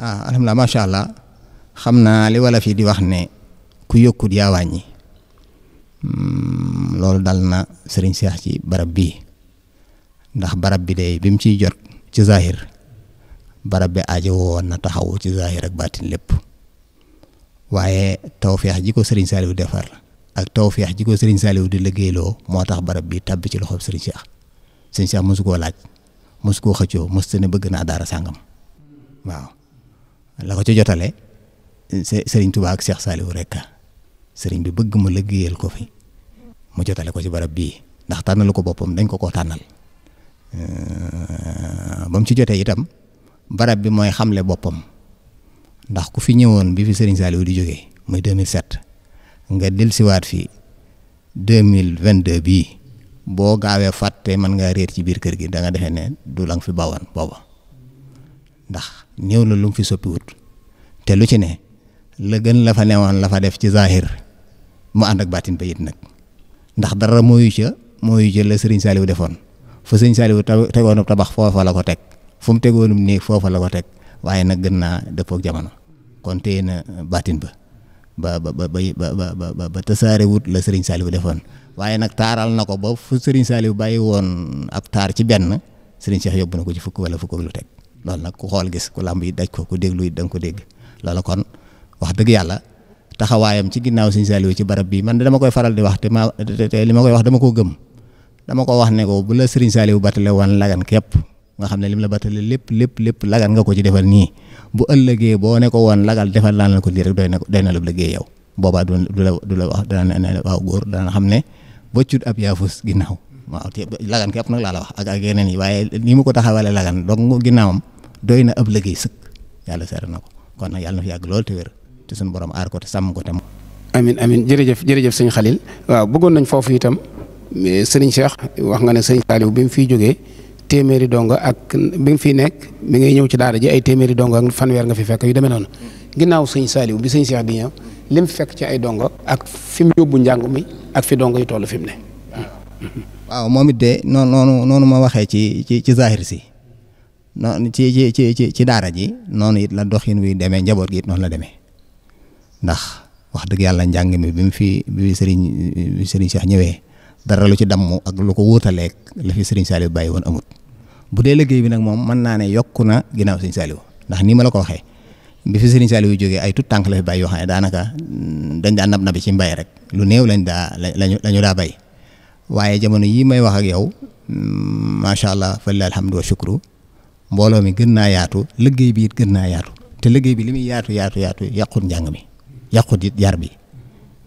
S2: ah alhamdulilah macha
S3: allah xam naa li wala fii di wax ne ku yokkut yaa wàññi loolu dal na sëriñ Seex ci barab bi ndax barab bi de bi mu ciy jot ci zahir barab bi aajo woon na taxawu ci zahir ak baatin lépp waaye tawfeex ji ko sëriñ Saliou defar ak taw tawfeex ji ko sëriñ Saliou di liggéeyloo moo tax barab bi tàbbi ci loxob sëriñ Seex sëriñ Seex mosu koo laaj mosu koo xëccoo mosu ne bëgg naa daara sàngam waaw ko ci jotale sëriñ Tuubaa ak Seex Saliou rekk sëriñ bi bëgg ma liggéeyal ko fi mu jotale ko ci barab bii ndax tànnalu ko boppam dañ ko ko tànnal euh, ba mu ci jotee itam barab bi mooy xamle boppam ndax ku fi ñëwoon bi fi sëriñ Saliou di jógee muy 2007 nga dellusiwaat fi 2022 bii boo gaawee fàtte mën nga réer ci biir kër gi danga nga defee ne du la nga fi bawoon booba ndax néew la lu mu fi soppiwut te lu ci ne la gën la la fa def ci zahir mu ànd ak baatin ba it nag ndax dara mooyu ca mooyu ca la sëriñ Saliou defoon fa sëriñ Saliou tegoonub tabax foofa la ko teg fu mu tegoonum foofa la ko teg waaye nag gën naa dëppook jamono kon téye na baatin ba ba ba ba ba ba tasaare wut la sali wu defoon waaye nag taaral na ko ba fu sali Saliou bàyyi woon ak taar ci benn sëriñ Cheikh yóbbu na ko ci fukk wala fukk lu teg loolu nag ku xool gis ku làmb yi daj ko ku déglu it da nga ko dégg loolu kon wax dëgg yàlla. taxawaayam ci ginnaaw Sëñ Saaliw ci barab bi man dama koy faral di wax te ma te li ma koy wax dama koo dama ko wax ne ko bu la Sëriñ Saaliw battale woon lagan képp nga xam ne lim la battale lépp lépp lépp lagan nga ko ci defal nii bu ëllëgee boo ne ko woon lagal defal naa la ko lii rek doy na doy na la liggéey yow boobaa du la du la wax dana ne waaw góor dana xam ne boccut ab yaafus ginnaaw waaw te lagan képp nag laa la wax ak ak yeneen yi waaye ni mu ko taxawale lagan donc ginnaawam doy na ab liggéey sëkk yàlla seere na ko kon nag
S2: yàlla na fi yàgg lool te te suñu borom aar ko te sàmm ko te moom. amin amin jërëjëf jërëjëf sëñ Xalil waaw bëggoon nañ foofu itam eh, sëriñ Cheikh wax nga ne sëriñ Saliou bi mu fiy jógee téeméeri dongo ak bi mu fiy nekk bi ngay ñëw ci daara ji ay téeméeri dongo ak fanweer nga fi fekk yu demee noonu ginnaaw sëñ saaliw bi sëñ Cheikh di ñëw lim fekk ci ay dongo ak fi mu yóbbu njàng mi ak fi dongo yi toll fi mu ne.
S3: waaw moom it de noonu noonu noonu ma waxee ci ci ci zahir si noonu ci ci ci ci daara ji noonu it la doxin wuy demee njaboot gi it noonu la demee. ndax wax dëgg yàlla njàng mi bi mu fi bi sëriñ bi sëriñ Cheikh ñëwee dara lu ci damm ak lu ko lek la fi sëriñ Saliou bay woon amut bu dee liggéey bi nag moom mën naa ne yokku na ginnaaw saali Saliou ndax nii ma la ko waxee bi fi sëriñ Saliou jógee ay tut tànk la fi bàyyi yoo ne daanaka dañ daa nab nabi ci mbay rek lu néew lañ daa lañu lañu daa bay waaye jamono yii may wax ak yow mm, macha allah falilah alhamdu wa shukru mbooloo mi gën naa yaatu liggéey bi it gën naa yaatu te liggéey bi li muy yaatu yaatu yaatu yàqut njàng mi yàqut it bi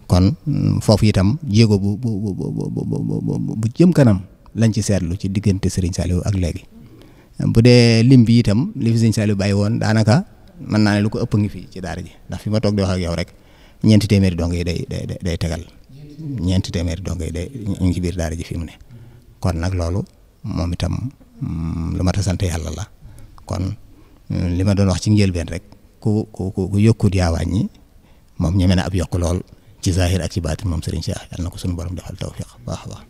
S3: kon mm, foofu itam jéego bu bu bu bu bu jëm kanam lañ ci seetlu ci diggante Serigne Saliou ak léegi bu dee lim bi itam li fi Serigne Saliou woon daanaka mën naa ne lu ko ëpp ngi fii ci daara ji ndax fi ma toog di wax ak yow rek ñeenti téeméeri dong yi day day day tegal ñeenti téeméeri dong yi day ñu ngi ci biir daara ji fi mu ne kon nag loolu moom itam mm, lu ma ta sant yàlla la kon mm, li ma doon wax ci njëlbeen rek ku ku ku yokkut yaa wàññi moom ñeme na ab yokk lool ci zahir ak ci baatin moom Serigne Cheikh yàlla na ko suñu borom defal tawfiq baax a baax.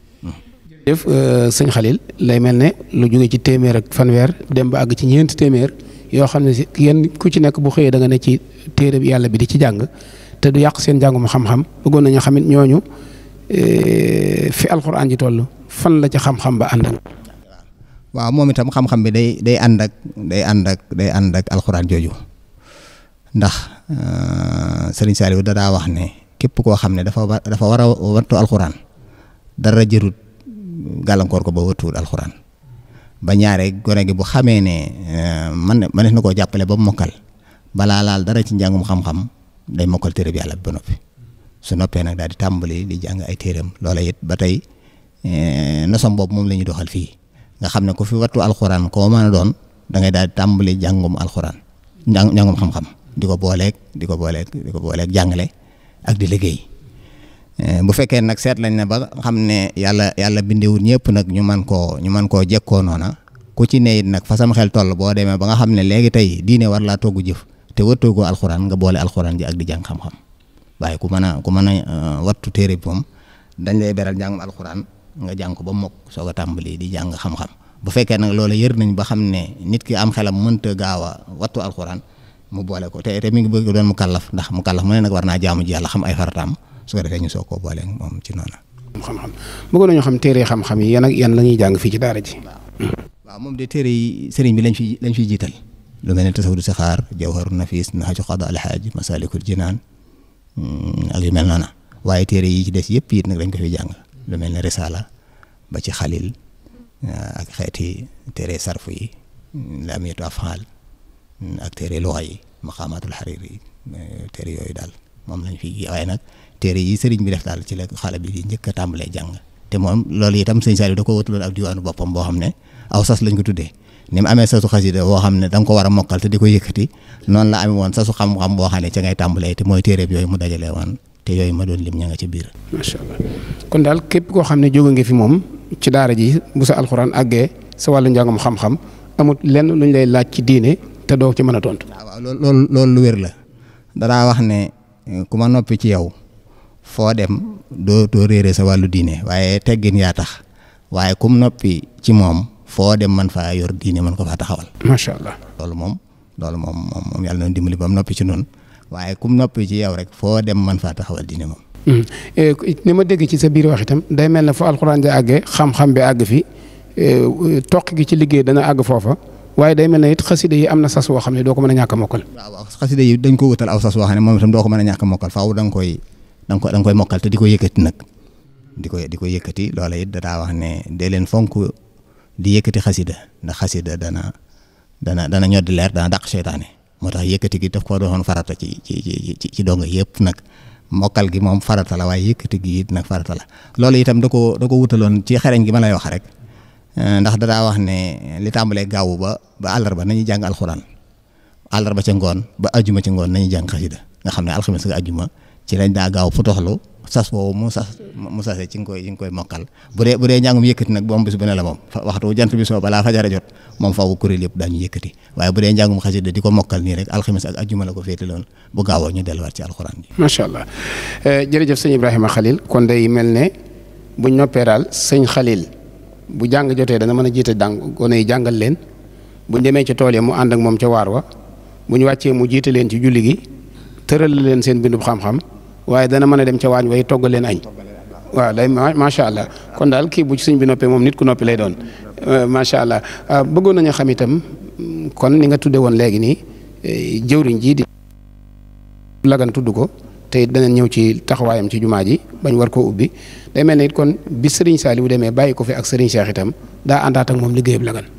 S2: jëf euh, sëñ Khalil lay mel ne lu jóge ci téeméer ak fanweer dem ba àgg ci ñeenti téeméer yoo xam ne si yéen ku ci nekk bu xëyee danga nga ne ci téere bi yàlla bi di ci jàng te du yàq seen jàngum xam-xam bëggoon nañu ñooñu euh, fi alxuraan ji toll fan la ci xam ba ànd waaw
S3: moom itam xam-xam bi day day ànd ak day ànd ak day ànd alxuraan jooju. ndax euh, Serigne Saliou da daa wax ne képp koo xam ne dafa war a wattu alxuraan dara jërut gàllankoor ko ba wattuwul alxuraan ba ñaare gone gi bu xamee ne euh, man manees na koo jàppale ba mokkal balaa laal dara ci njàngum xam-xam day mokkal téere bi yàlla ba noppi su noppee nag daal di tàmbali di jàng ay téeram loola it ba tey euh, nosom boobu moom la ñuy doxal fii nga xam ne ko fi wattu alxuraan koo mën a doon dangay ngay daal di tàmbali jàngum alxuraan njàngum xam-xam. di ko booleek di ko booleek di ko booleeg jàngale ak di liggéey eh, bu fekkee nag seet lañ ne ba xam ne yàlla yàlla bindewul ñëpp nag ñu man koo ñu man koo jekkoo noona ku ci neyit nag fasam xel toll boo demee ba nga xam ne léegi tey diine war laa togg jëf te wërtoogoo alxuraan nga boole alxuraan ji ak di jàng xam-xam waaye ku mën a ku mën a eh, wattu téere bi dañ lay beral jàngum alxuraan nga jàng ko ba mokk soog a tàmbali di jàng xam-xam bu fekkee nag loolu yër nañ ba xam ne nit ki am xelam mënta gaaw a wattu alxuraan mu boole ko te te mi ngi bëgg doon mu kàllaf ndax mu kàllaf mu ne nag war naa jaamu ji yàlla xam ay farataam su ko defee ñu soog koo boole moom ci noonu. xam-xam bëggoon nañu xam téere xam-xam yana yan ak la ñuy jàng fii ci daara ji. waaw moom de téere yi sëriñ bi lañ fi lañ fiy jiital. lu mel ne tasawudu saxaar jawharu nafis naxaju xada alxaaj masalikul jinaan mm, ak yu mel noonu waaye téere yi ci des yëpp it nag dañ ko fi jàng lu mel ne risala ba ci xalil ak xeeti téere sarfu yi laamiyatu afaal ak téere luxa yi maqaamaatul xariri yi téere yooyu daal moom lañ fi waaye nag téere yi sëriñ bi def daal ci lekk xale bi di njëkk a tàmbalee jàng te moom loolu itam sëñ Saliou da ko watuloon ab diwaanu boppam boo xam ne aw sas lañ ko tuddee ni mu amee sasu xasida boo xam ne danga ko war a mokkal te di ko yëkkati noonu la amee woon sasu xam-xam boo xam ne ca ngay tàmbalee te mooy téere bi yooyu mu dajalee woon te yooyu ma doon lim ña nga ci biir.
S2: kon daal képp koo xam ne jóge nga fi moom ci daara ji bu sa alxuraan àggee sa wàllu njàngam xam-xam amut lenn luñ lay laaj ci diine te doo ci mën a tontu. Ah,
S3: waaw loolu loolu wér la danaa wax ne eh, ku ma noppi ci yow foo dem doo doo sa wàllu diine waaye teggin yaa tax waaye kum noppi ci moom foo dem man faa yor diine mën ko faa taxawal. macha allah loolu moom loolu moom moom moom yàlla na dimbali ba mu noppi ci noonu waaye kum noppi ci yow rek foo dem man faa taxawal diine moom.
S2: Hmm. Eh, ni ma dégg ci sa biir wax itam day mel ne fu alxuraan di àggee xam-xam bi àgg fi eh, toq gi ci liggéey dana àgg foofa. waaye day mel ne it xasida yi am na sas woo xam ne doo ko mën a ñàkk a mokkal waaw xasida yi dañ
S3: ko wutal aw sas woo moom itam doo ko mën a ñàkk a mokkal faaw da nga koy da nga koy di ko yëkkati nag di ko di ko yëkkati loola it dadaa wax ne dee leen fonk di yëkkati xasida ndax xasida dana dana dana ñoddi leer dana dàq seytaane moo tax yëkkati gi daf ko doon farata ci ci ci ci donga yëpp nag mokkal gi moom farata la waaye yëkkati gi it nag farata la loolu itam da ko da ko wutaloon ci xereñ gi ma lay wax rek Eh, ndax dadaa wax ne li tàmbalee gaawu ba ba àllarba nañu jàng alxuraan àllarba ca ngoon ba ajuma ci ngoon nañu jàng xasida nga xam ne alxames ak ajuma ci lañ daa gaaw fu toxlu sas boobu mu sas mu sase ci nga koy ci koy mokkal bu dee bu dee njàngum yëkkati nag boom bis bu ne la moom waxtu jant bi soo balaa fajara jot moom faaw kuréel yëpp daañu yëkkati waaye bu dee njàngum xasida di ko mokkal nii rek alxames ak ajjuma la ko féete loon
S2: bu gaawoo ñu delluwaat ci alxuraan bi. macha allah eh, jërëjëf sëñ Ibrahima Khalil kon day mel ne buñ noppee daal sëñ bu jàng jotee dana mën a jiite dàng gone yi jàngal leen bu demee ci tool yi mu ànd ak moom ca waar wa bu ñu wàccee mu jiite leen ci julli gi tëral leen seen bindub xam-xam waaye dana mën a dem ca waañ way toggal leen añ waa day macha allah kon daal kii bu ci suñ bi noppee moom nit ku noppi lay doon euh, macha allah euh, bëggoon nañu xam itam kon ni nga tudde woon léegi nii euh, jëwriñ ji di lagan tudd ko te it danañ ñëw ci taxawaayam ci jumaa ji bañ war koo ubbi day mel ne it kon bi Serigne Saliou demee bàyyi ko fi ak Serigne Cheikh itam daa àndaat ak moom liggéeyub lagan.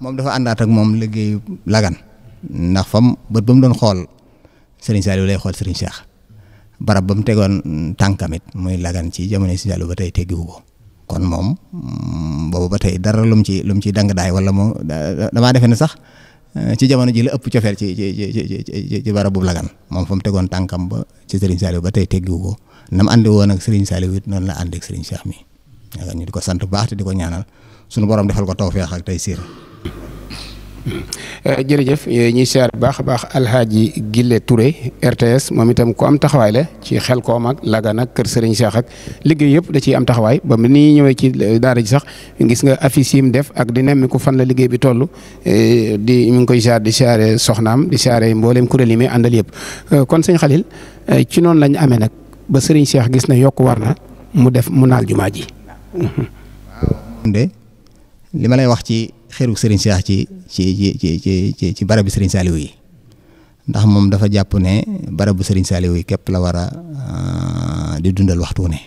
S3: moom dafa àndaat ak moom liggéeyub lagan ndax fam bët ba mu doon xool Serigne Saliou lay xool Serigne Cheikh barab ba mu tegoon tànkamit muy lagan ci jamono si Saliou ba tey teggiwu ko kon moom mm, boobu ba tey dara lu ci lu mu ciy dang daay wala mu damaa defe ne sax. Eh, ci jamono ji la ëpp cofeel ci ci ci ci barabu Lagan moom fa mu tegoon tànkam ba ci Serigne Saliou ba tey teggiwu ko nam àndi woon ak Serigne Saliou it noonu la ànd ak Serigne Cheikh mi ñu di ko sant bu baax te di ko ñaanal sunu borom defal ko tawfeex ak tey siir
S2: Euh, jërëjëf euh, ñuy siyaar bu baax a baax alxaaji Gille ture RTS moom itam ku am taxawaay le ci xel koom ak lagan ak kër Serigne Cheikh ak liggéey yëpp da ciy am taxawaay ba ni ñëwee ci euh, daara ji sax gis nga affiche yi mu def ak di nemmiku fan la liggéey bi toll di mu ngi koy siyaar di siyaare soxnaam di siyaare mbooleem kuréel yi muy àndal yëpp. kon sëñ Xalil ci noonu lañ amee nag ba sëriñ Cheikh gis na yokk war na mu def mu naal jumaa ji. li ma lay wax ci. xeru sëriñ
S3: Cheikh ci ci ci ci ci ci barabu sëriñ Saliou yi ndax moom dafa jàpp ne barabu sëriñ Saliou yi képp la war a euh, di dundal waxtu ne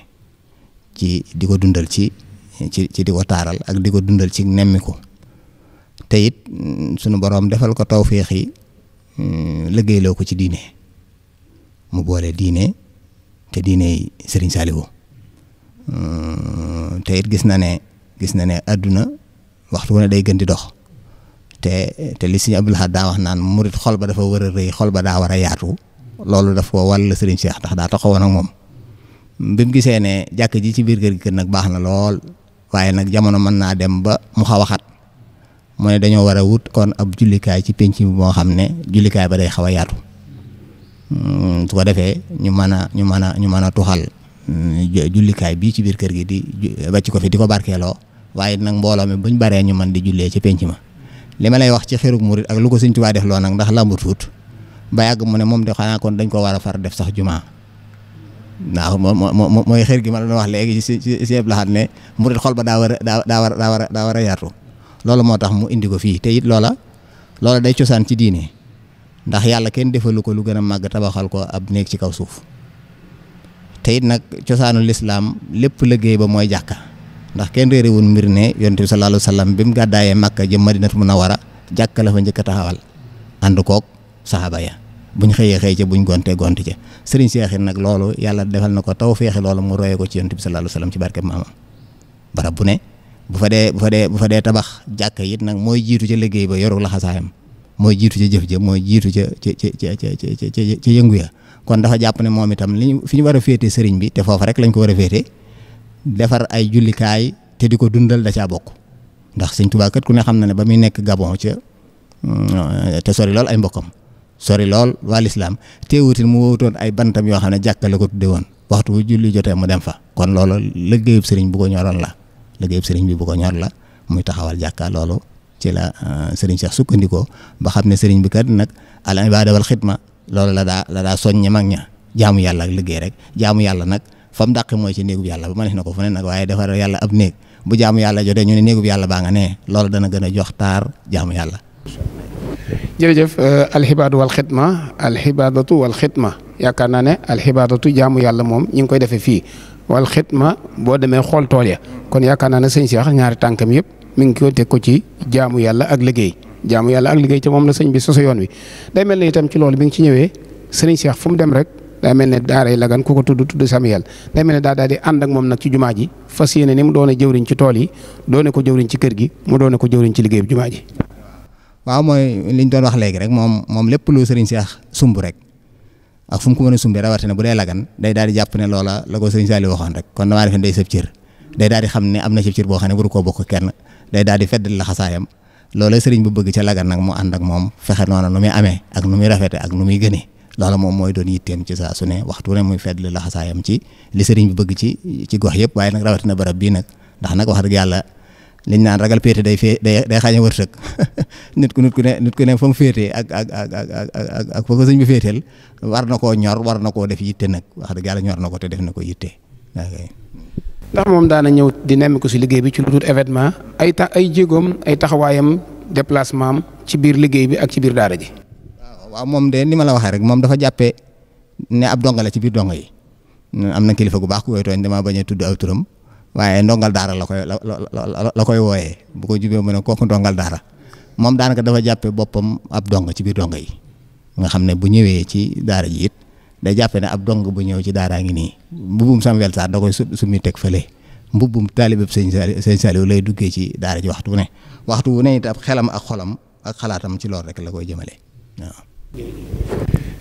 S3: ci di ko dundal ci ci ci di taaral ak di ko dundal ci nemmi ko te it mm, sunu boroom defal ko tawféex yi mm, liggéeyloo ko ci diine mu boole diine te diine yi sëriñ Saliou euh, te it gis na ne gis na ne àdduna. waxtu wu ne day gën di dox te te li sëñ daa wax naan murit xol ba dafa war a rëy xol ba daa war a yaatu loolu daf ko wàll sëriñ Cheikh ndax daa taxawoon ak moom bi mu gisee ne jàkk ji ci biir kër gi kër nag baax na lool waaye nag jamono mën naa dem ba mu xaw a xat mu ne dañoo war a wut kon ab jullikaay ci penc bi moo xam ne jullikaay ba day xaw a yaatu hmm, su ko defee ñu mën a ñu mën a ñu mën a tuxal hmm, jullikaay bii ci biir kër gi di bàcc ko fi di ko barkeeloo waaye nag mbooloo mi buñ baree ñu man di jullee ci penc ma li ma lay wax ci xirug murit ak lu ko Sëñ Tuubaa def loo nag ndax lambu tuut ba yàgg mu ne moom de xanaa kon dañ ko war a far def sax jumaa waaw moom mooy xër gi ma doon wax léegi ci ci ci ne murit xol ba daa war a daa war daa a daa loolu moo tax mu indi ko fii te it loola loola day cosaan ci diine ndax yàlla kenn defalu ko lu gën a màgg tabaxal ko ab néeg ci kaw suuf te it nag cosaanu lislaam lépp liggéey ba mooy jàkka. ndax kenn réere woon mbir ne yonent bi sallallahu alayhi wa sallam bi mu gàddaayee Makka jëm Madinatu Munawwara jàkka jàkkale fa njëkk a taxawal ànd koog saxaaba ya buñ xëyee xëy ca buñ gontee gont ca sëriñ Seex nag loolu yàlla defal na ko taw feexi loolu mu royee ko ci yonent bi sallallahu alayhi wa ci barkeb maamam barab bu ne bu fa dee bu fa dee bu fa dee tabax jàkka yit nag mooy jiitu ca liggéey ba yoru laxasaayam mooy jiitu ca jëf ja mooy jiitu ca ca ca ca ca yëngu ya kon dafa jàpp ne moom itam li fi ñu war a féete sëriñ bi te foofu rek lañ ko a féete defar ay jullikaay te di ko dundal da caa bokk ndax sëñ Tuubaa kat ku ne xam na ne ba muy nekk Gabon ca mm, te sori lool ay mbokkam sori lool waa lislaam teewutin mu wowutoon ay bantam yoo xam ne jàkka la ko tudde woon waxtu bu julli jotee mu dem fa kon loolu liggéeyub sëriñ bu ko ñoroon la liggéeyub sëriñ bi bu ko ñor la muy taxawal jàkka loolu ci la uh, sëriñ Cheikh sukkandikoo ba xam ne sëriñ bi kat nag al ibaada wal xidma loolu la daa la daa soññe mag ña jaamu yàlla ak liggéey rek jaamu yàlla nag fa mu mooy ci néegub yàlla ba mënees na ko fu ne nag waaye defar yàlla ab néeg bu jaamu yàlla jotee ñu ne néegub yàlla baa nga ne loolu dana gën a jox taar jaamu yàlla
S2: jërëjëf euh, alxibaadu wal xidma alxibaadatu wal xidma yaakaar naa ne alxibaadatu jaamu yàlla moom ñi ngi koy defee fii wal xidma boo demee xool tool ya kon yaakaar naa ne sëñ Cheikh ñaari tànkam yëpp mi ngi koy teg ko ci jaamu yàlla ak liggéey jaamu yàlla ak liggéey te moom la sëñ bi soso yoon wi day mel ne itam ci loolu bi nga ci ñëwee sëriñ Cheikh fu mu dem rek daa mel ne daaray lagan ku ko tudd tudd Samuel daa mel ne daa daal di ànd ak moom nag ci jumaa ji fas yéene ni mu doone jëwriñ ci tool yi doone ko jëwriñ ci kër gi mu doone ko jëwriñ ci liggéeyu jumaa ji.
S3: waaw mooy liñ doon wax léegi rek moom moom lépp lu sëriñ Seex sumb rek ak fu mu ko mën a sumbee bu dee lagan day daal di jàpp ne loola la ko sëriñ Saliou waxoon rek kon damaa defe day sëb cër day daal di xam ne am na sëb cër boo xam ne waru koo bokk kenn day daal di feddal la xasaayam loola sëriñ bu bëgg ca lagan nag mu ànd moom fexe noonu nu muy amee ak nu muy rafete ak nu muy gënee loolu moom mooy doon yitteem ci saa su ne waxtu ne muy fedli laxasaayam ci li sëriñ bi bëgg ci ci gox yëpp waaye nag rawatina barab bii nag ndax nag wax dëgg yàlla liñ naan ragal péete day fee day day xañ nit ku nit ku ne nit ku ne fa mu féetee ak ak ak ak bi féeteel war na koo ñor war na koo def yitte nag wax dëgg yàlla ñor na ko te def na ko yitte ndax
S2: moom daana ñëw di nemmiku si liggéey bi ci lu dul événement ay ta ay jéegoom ay taxawaayam déplacement ci biir liggéey bi ak ci biir daara ji.
S3: waaw moom de ni ma la waxee rek moom dafa jàppee ne ab donga la ci biir donga yi am na kilifa gu baax ku koy tooñ damaa bañ a tudd aw turam waaye ndongal daara la koy la la koy wooyee bu ko jubee mu ne kooku ndongal daara moom daanaka dafa jàppee boppam ab dong ci biir dong yi nga xam ne bu ñëwee ci daara ji it day jàppee ne ab dong bu ñëw ci daaraa ngi nii mbubbum Samuel Sarr da koy summi teg fële mbubbum taalibeb sëñ Saliou sëñ Saliou lay duggee ci daara ji waxtu wu ne waxtu wu ne it ab xelam ak xolam ak xalaatam ci loolu rek la koy jëmale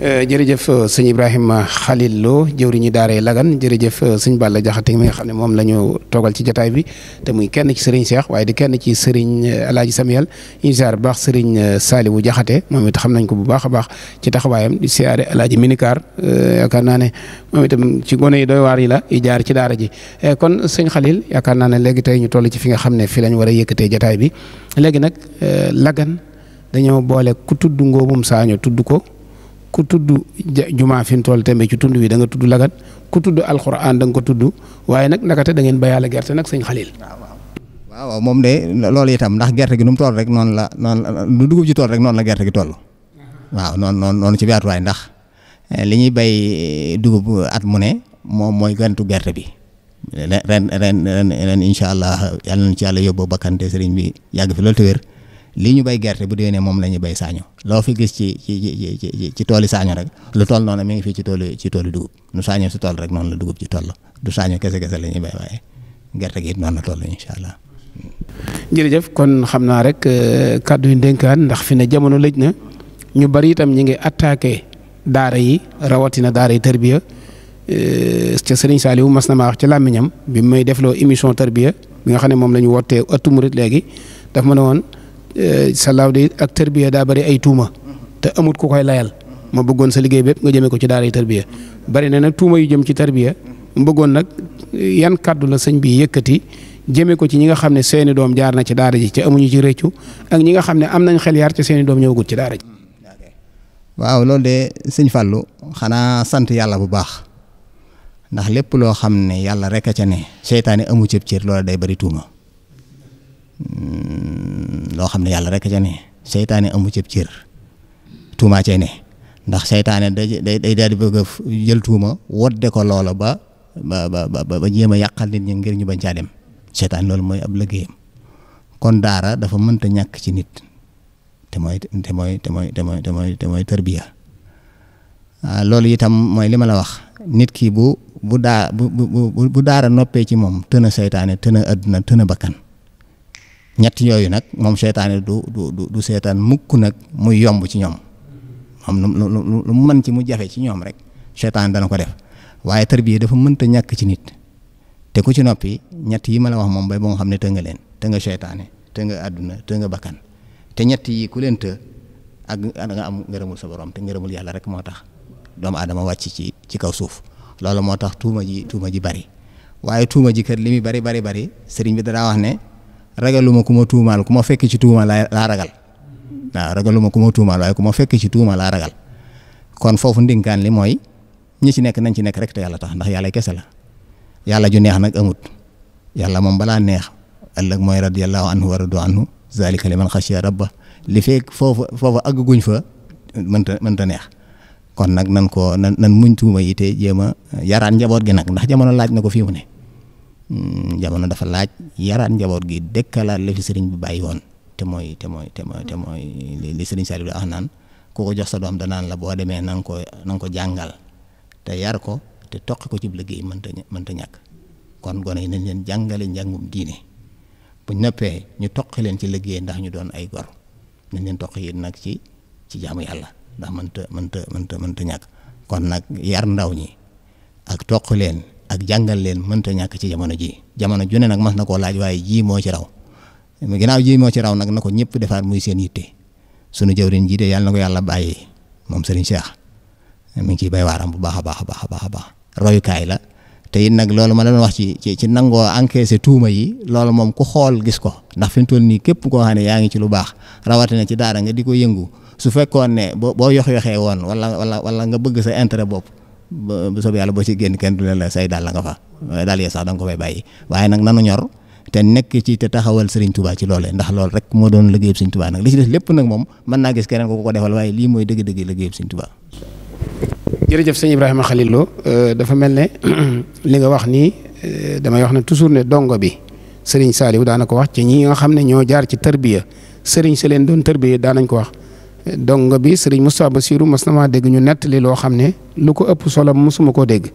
S2: Eh, jërëjëf euh, sëñ Ibrahima Khalil Lo jëwriñu daaree Lagan jërëjëf euh, sëñ Balla Jaxate mi nga xam ne moom la ñu toogal ci jataay bi te muy kenn ci sëriñ Cheikh waaye di kenn ci sëriñ euh, El Hadj Samuel ñu bu baax sëriñ Saliwu Jaxate moom it xam nañ ko bu baax a baax ci taxawaayam di siyaare El Hadj Minikaar yaakaar naa ne moom itam ci gone yi doy waar yi la i jaar ci daara ji eh, kon sëñ xalil yaakaar naa ne léegi tey ñu toll ci fi nga xam ne fi lañ war a yëkkatee jataay bi léegi nag Lagan. dañoo boole ku tudd ngóobum saaño tudd ko ku tudd jumaa fi mu toll tembe ci tund bi da nga tudd lagat ku tudd alxuraan da nga ko tudd waaye nag ndakate da ngeen ba yàlla gerte nag sëñ Xalil. waaw moom de loolu itam ndax gerte gi nu mu toll rek noonu
S3: la noonu lu dugub ci tool rek noonu la gerte gi toll. waaw noonu noonu noonu ci waaye ndax eh, li ñuy bay dugub at mu ne moom mooy gantu gerte bi. ren ren ren ren incha allah yàlla ci yàlla yóbbu bakkante sëriñ bi yàgg fi loolu te lii ñu bay gerte bu dee déwénee moom la ñuy bay saaño loo fi gis ci ci ci ci ci tooli saaño rek lu toll noonu mi ngi fii ci tooli ci tooli dugub nu saaño si tool rek noonu la dugub ci toll du saaño kese kese la ñuy bay waaye gerte gi it noonu la toll incha allah.
S2: jërëjëf kon xam naa rek euh, kàddu yi ndénkaan ndax fi ne jamono lëj na ñu bari itam ñi ngi attaqué daara yi rawatina daara yi tarbiya euh, ca saali Saliou mas na maa ci làmmiñam bi may loo émission tarbiya bi nga xam ne moom la ñu wootee ëttu murit léegi daf ma ne woon Eh, salaaw de ak tërbiya daa bari ay tuuma te amut ku koy layal ma bëggoon sa liggéey bépp nga jëmee ko ci daara yi tërbiya bari na nag tuuma yu jëm ci tërbiya mu nag eh, yan kàddu la sëñ bi yëkkati jëmee ko ci ñi nga xam ne seeni doom jaar na ci daara ji ci amuñu ci rëccu ak ñi nga xam ne am nañ xel yaar ci seeni doom ñëw ñëwagut ci daara ji. waaw loolu de sëñ Fallou
S3: xanaa sant yàlla bu baax ndax lépp loo xam ne yàlla rek a ca ne seytaane amu cëb cër loola day bari tuuma Mm, loo xam ne yàlla rek ca ne seytaane amu cëb cër tuumaa cay ne ndax seytaane day day daal di bëgg a jël tuuma wodde ko loola ba ba ba ba jéem a yàqal nit ñi ngir ñu bañ caa dem seytaane loolu mooy ab liggéeyam kon daara dafa mënta ñàkk ci nit te mooy te mooy te mooy te mooy te mooy te mooy tërbiya ah, loolu itam mooy li ma la wax nit ki bu bu daa bu bu bu daara noppee ci moom tëna seytaane tëna adduna tëna bakkan ñett yooyu nag moom seytaane du du du seytaan mukk nag muy yomb ci ñoom am lu lu mën ci mu jafe ci ñoom rek seytaane dana ko def waaye tarbiya dafa mënta ñàkk ci nit te ku ci noppi ñett yi ma la wax moom bay ba nga xam ne te nga leen te nga seytaane të nga àdduna të nga bakkan te ñetti yi ku leen të ak nga am ngërëmul sa borom te ngërëmul yàlla rek moo tax doomu aadama wàcc ci ci kaw suuf loolu moo tax tuuma ji tuuma ji bari waaye tuuma ji kër li bari bari bari sëriñ bi danaa wax ne. ragaluma ku ma tuumaal ku ma fekk ci tuuma laa laa ragal waaw ragaluma ku ma tuumaal waaye ku ma fekk ci tuuma laa ragal kon foofu ndinkaan li mooy ñi ci nekk nañ ci nekk rek te yàlla tax ndax yàlla kese la yàlla ju neex nag amut yàlla moom balaa neex ëllëg mooy radiyallahu anhu wa radu anhu zalika liman xashiya rabba li feeg foofu foofu àgguñ fa mënta mënta neex kon nag nan ko nan nan muñ tuuma yi te jéem a yaraan njaboot gi nag ndax jamono laaj na ko fii mu Mm, jamono dafa laaj yaraat njaboot gi dëkkalaat la fi sëriñ bi bàyyi woon te mooy te mooy te mooy te mooy li sëriñ Saliou wax naan ku jox sa doom danaan la boo demee na nga ko ko jàngal te yar ko te toqi ko ci liggéey mënta mënta ñàkk kon gone yi nañ leen jàngale njàngum diine bu noppee ñu toqi leen ci liggéey ndax ñu doon ay gor nañ leen toqi yi nag ci ci jaamu yàlla ndax mënta mënta mënta mënta ñàkk kon nag yar ndaw ñi ak toq leen ak jàngal leen mënta ñàkk ci jamono ji jamono ju ne nag mas na koo laaj waaye ji moo ci raw ginnaaw ji moo ci raw nag na ko ñëpp defaat muy seen yitte sunu jëwriñ ji de yàlla ko yàlla bàyyi moom Serigne Cheikh mi ngi ciy bay waaram bu baax a baax a baax a baax a baax royukaay la te it nag loolu ma doon wax ci ci ci nangoo encaissé tuuma yi loolu moom ku xool gis ko ndax fi mu toll nii képp koo yaa ngi ci lu baax rawatina ci daara nga di ko yëngu su fekkoon ne boo boo yox-yoxee woon wala wala wala nga bëgg sa intérêt bopp. ba bu soobee boo ci génn kenn du la say daal la nga fa daal yee sax da nga ko fay bàyyi waaye nag nanu ñor te nekk ci te taxawal Serigne tubaa ci loolee ndax loolu rek moo doon liggéeyub Serigne Touba nag li ci des lépp nag moom mën naa gis keneen ko ko defal waaye lii mooy dëgg-dëgg liggéeyub Serigne Touba.
S2: jërëjëf sëñ Ibrahima Khalil Lo euh, dafa mel ne li nga wax nii euh, damay wax ne toujours ne dongo bi Serigne Saliou daana ko wax ci ñi nga xam ne ñoo jaar ci tarbiya Serigne si leen doon tarbiya daanañ ko wax. dongo bi sëriñ Moustapha Bassirou mas na maa dégg ñu nettali loo xam ne lu ko ëpp solo mosuma koo dégg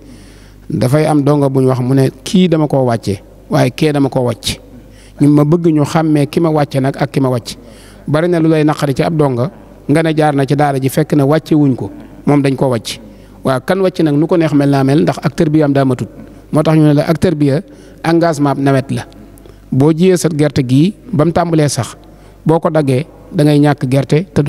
S2: dafay am dongo bu ñu wax mu ne kii dama koo wàcce waaye kee dama koo wàcc ñu ma bëgg ñu xàmmee ki ma wàcce nag ak ki ma wàcc bari na lu lay naqari ci ab donga nga ne jaar na ci daara ji fekk na wàcce wuñ ko moom dañ koo wàcc waaw kan wàcc nag nu ko neex mel naa mel ndax acteur bi am daa matut moo tax ñu ne la acteur bi engagement ab nawet la boo jiyee sa gerte gii ba mu tàmbalee sax boo ko daggee da ngay ñàkk gerte te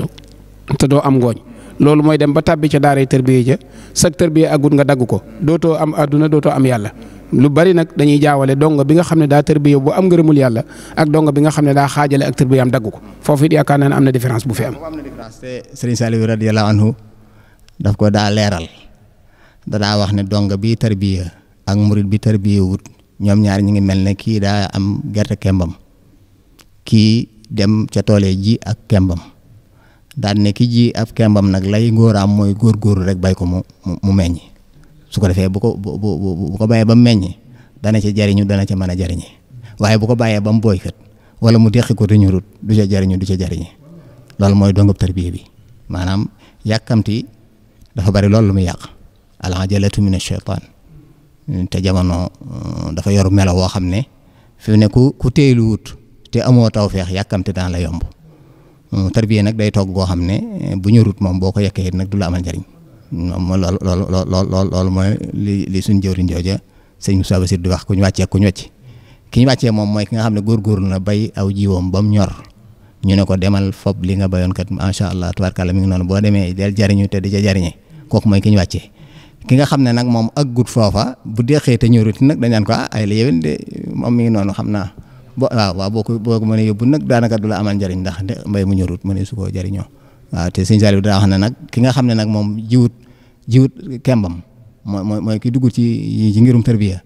S2: te doo am ngooñ loolu mooy dem ba tàbbi ca daaray tërbiye ja sag tërbiye agut nga dagg ko dootoo am àdduna dootoo am yàlla lu bari nag dañuy jaawale dongo bi nga xam ne daa tërbiye bu am ngërëmul yàlla ak dongo bi nga xam ne daa xaajale ak tërbiye am dagg ko foofu it yaakaar naa ne am na différence bu fi am. Serigne
S3: Saliou radiyallahu anhu daf ko daa leeral da daa wax ne dongo bi tërbiye ak murit bi tërbiye wut ñoom ñaar ñu ngi mel ne kii daa am gerte kembam kii dem ca toole ji ak kembam. daan ne ki ji ab kembam nag lay ngóoraam mooy góorgóorlu rek bay ko mu mu meññ su ko defee bu ko bu bu bu ko bàyyee ba mu meññ dana ci jariñu dana ce mën a jariñi waaye bu ko bàyyee ba mu booy kat wala mu deqi ko te ñurut du ca jariñu du ca jariñi loolu mooy dongub tarbiya bi maanaam yàkkamti dafa bari loolu lu muy yàq al ajalatu min ash-shaytaan te jamono uh, dafa yor melo woo xam ne fi mu ne ku ku teelu wut te amoo tawfeex yàkkamti daan la yomb. Mm, tarbiya nag day togg goo xam ne bu ñorut moom boo ko yekkee nag du la amal njariñ mm, moom loolu loolu loolu loolu mooy li li suñ jëwriñ jooja sëñ Moussa Bassir di wax ku ñu wàccee ku ñu wàcc ki ñu wàccee moom mooy ki nga xam ne góorgóorlu na bay aw jiwoom ba mu ñor ñu ne ko demal fob li nga bayoon kat macha allah tubaarkàlla mi ngi noonu boo demee del jariñu te di ca jariñe kooku mooy ki ñu wàccee. ki nga xam ne nag moom aggut foofa bu deexee te ñorut nag dañ naan ko ah ay la yéwén de moom mi ngi noonu xam naa bo waaw waaw boo ko boo ko mënee yóbbu nag daanaka du amal njariñ ndax mbay mu ñorut mënee su koo jariñoo waaw te sëñ Saliou daa wax ne nag ki nga xam ne nag moom jiwut jiwut kembam mooy mooy ki dugg ci ci ngirum tarbiya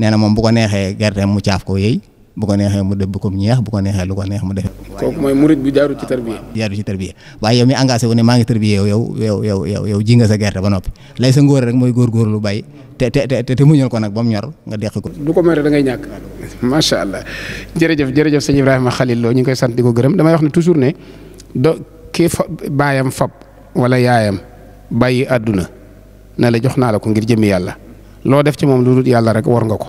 S3: nee na moom bu ko neexee gerteem mu caaf ko yëy bu ko neexee mu dëbb comme ñeex bu ko neexee lu ko neex mu def.
S2: kooku mooy murit bu jaaru ci tarbiya.
S3: jaaru ci mi engagé wu ne maa ngi tarbiya yow yow yow yow yow ji nga sa gerte ba noppi lay
S2: sa ngóor rek mooy góorgóorlu bay te te te te muñal ko nag ba mu ñor nga deqi ko. lu ko mere da ngay ñàkk macha allah jërëjëf jërëjëf sëñ Ibrahima Khalil Lo ñu ngi koy sant di ko gërëm damay wax ne toujours ne do kii fa baayam fab wala yaayam bàyyi àdduna na la jox naa la ko ngir jëmi yàlla loo def ci moom lu dul yàlla rek war nga ko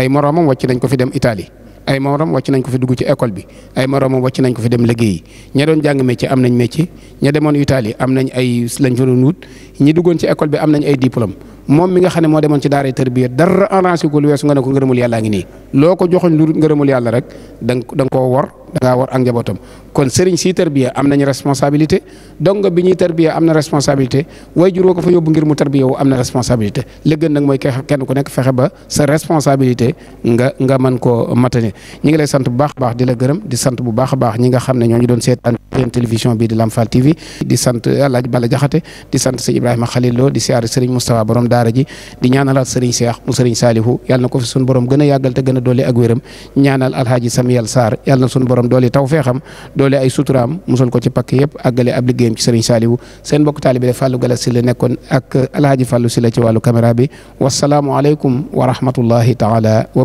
S2: ay moroomam wàcc nañ ko fi dem Italie ay morom wàcc nañ ko fi dugg ci école bi ay moromam wàcc nañ ko fi dem liggéeyi ña doon jàng métier am nañ métier ña demoon Italie am nañ ay lañ fa doon ñi duggoon ci école bi am nañ ay diplôme moom mi nga xam ne moo demoon ci daara tarbiya dara arrangé ko lu weesu nga ne ko ngërëmul yàllaa ngi nii loo ko joxoñ lu ngërëmul yàlla rek da nga koo wor da ngaa war ak njabootam kon sëriñ si tarbiya am nañu responsabilité donga bi ñuy ko fa yóbbu ngir mu tarbiya sa responsabilité nga nga mën koo matane ñi ngi lay sant bu baax baax di la gërëm di sant bu baax a ñi nga xam ne ñoo ñu doon seetaan seen télévision bii di Lamfal TV di sant Alaaji Bala Jaxate di sant sëñ Ibrahima Xalil Lo di a yàggal te gën a doole ak wéram ñaanal Alhaaji Samiyal Sarr yàlla na suñu borom borom doole taw feexam doole ay suturaam musal ko ci pakk yëpp àggale ab liggéeyam ci sëriñ Saaliwu seen mbokk taalibe de Fallou Galass Sylla nekkoon ak alhaaji Fallou Sylla ci wàllu caméra bi wasalaamu aleykum wa rahmatullahi taala wa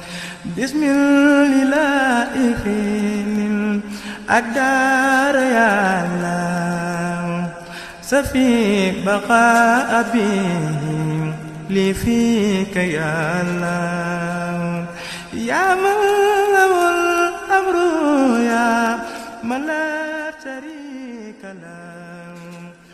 S1: bismillahi finin الدار يا الله سفي بقاء به لي فيك يا الله يا من له الأمر يا من له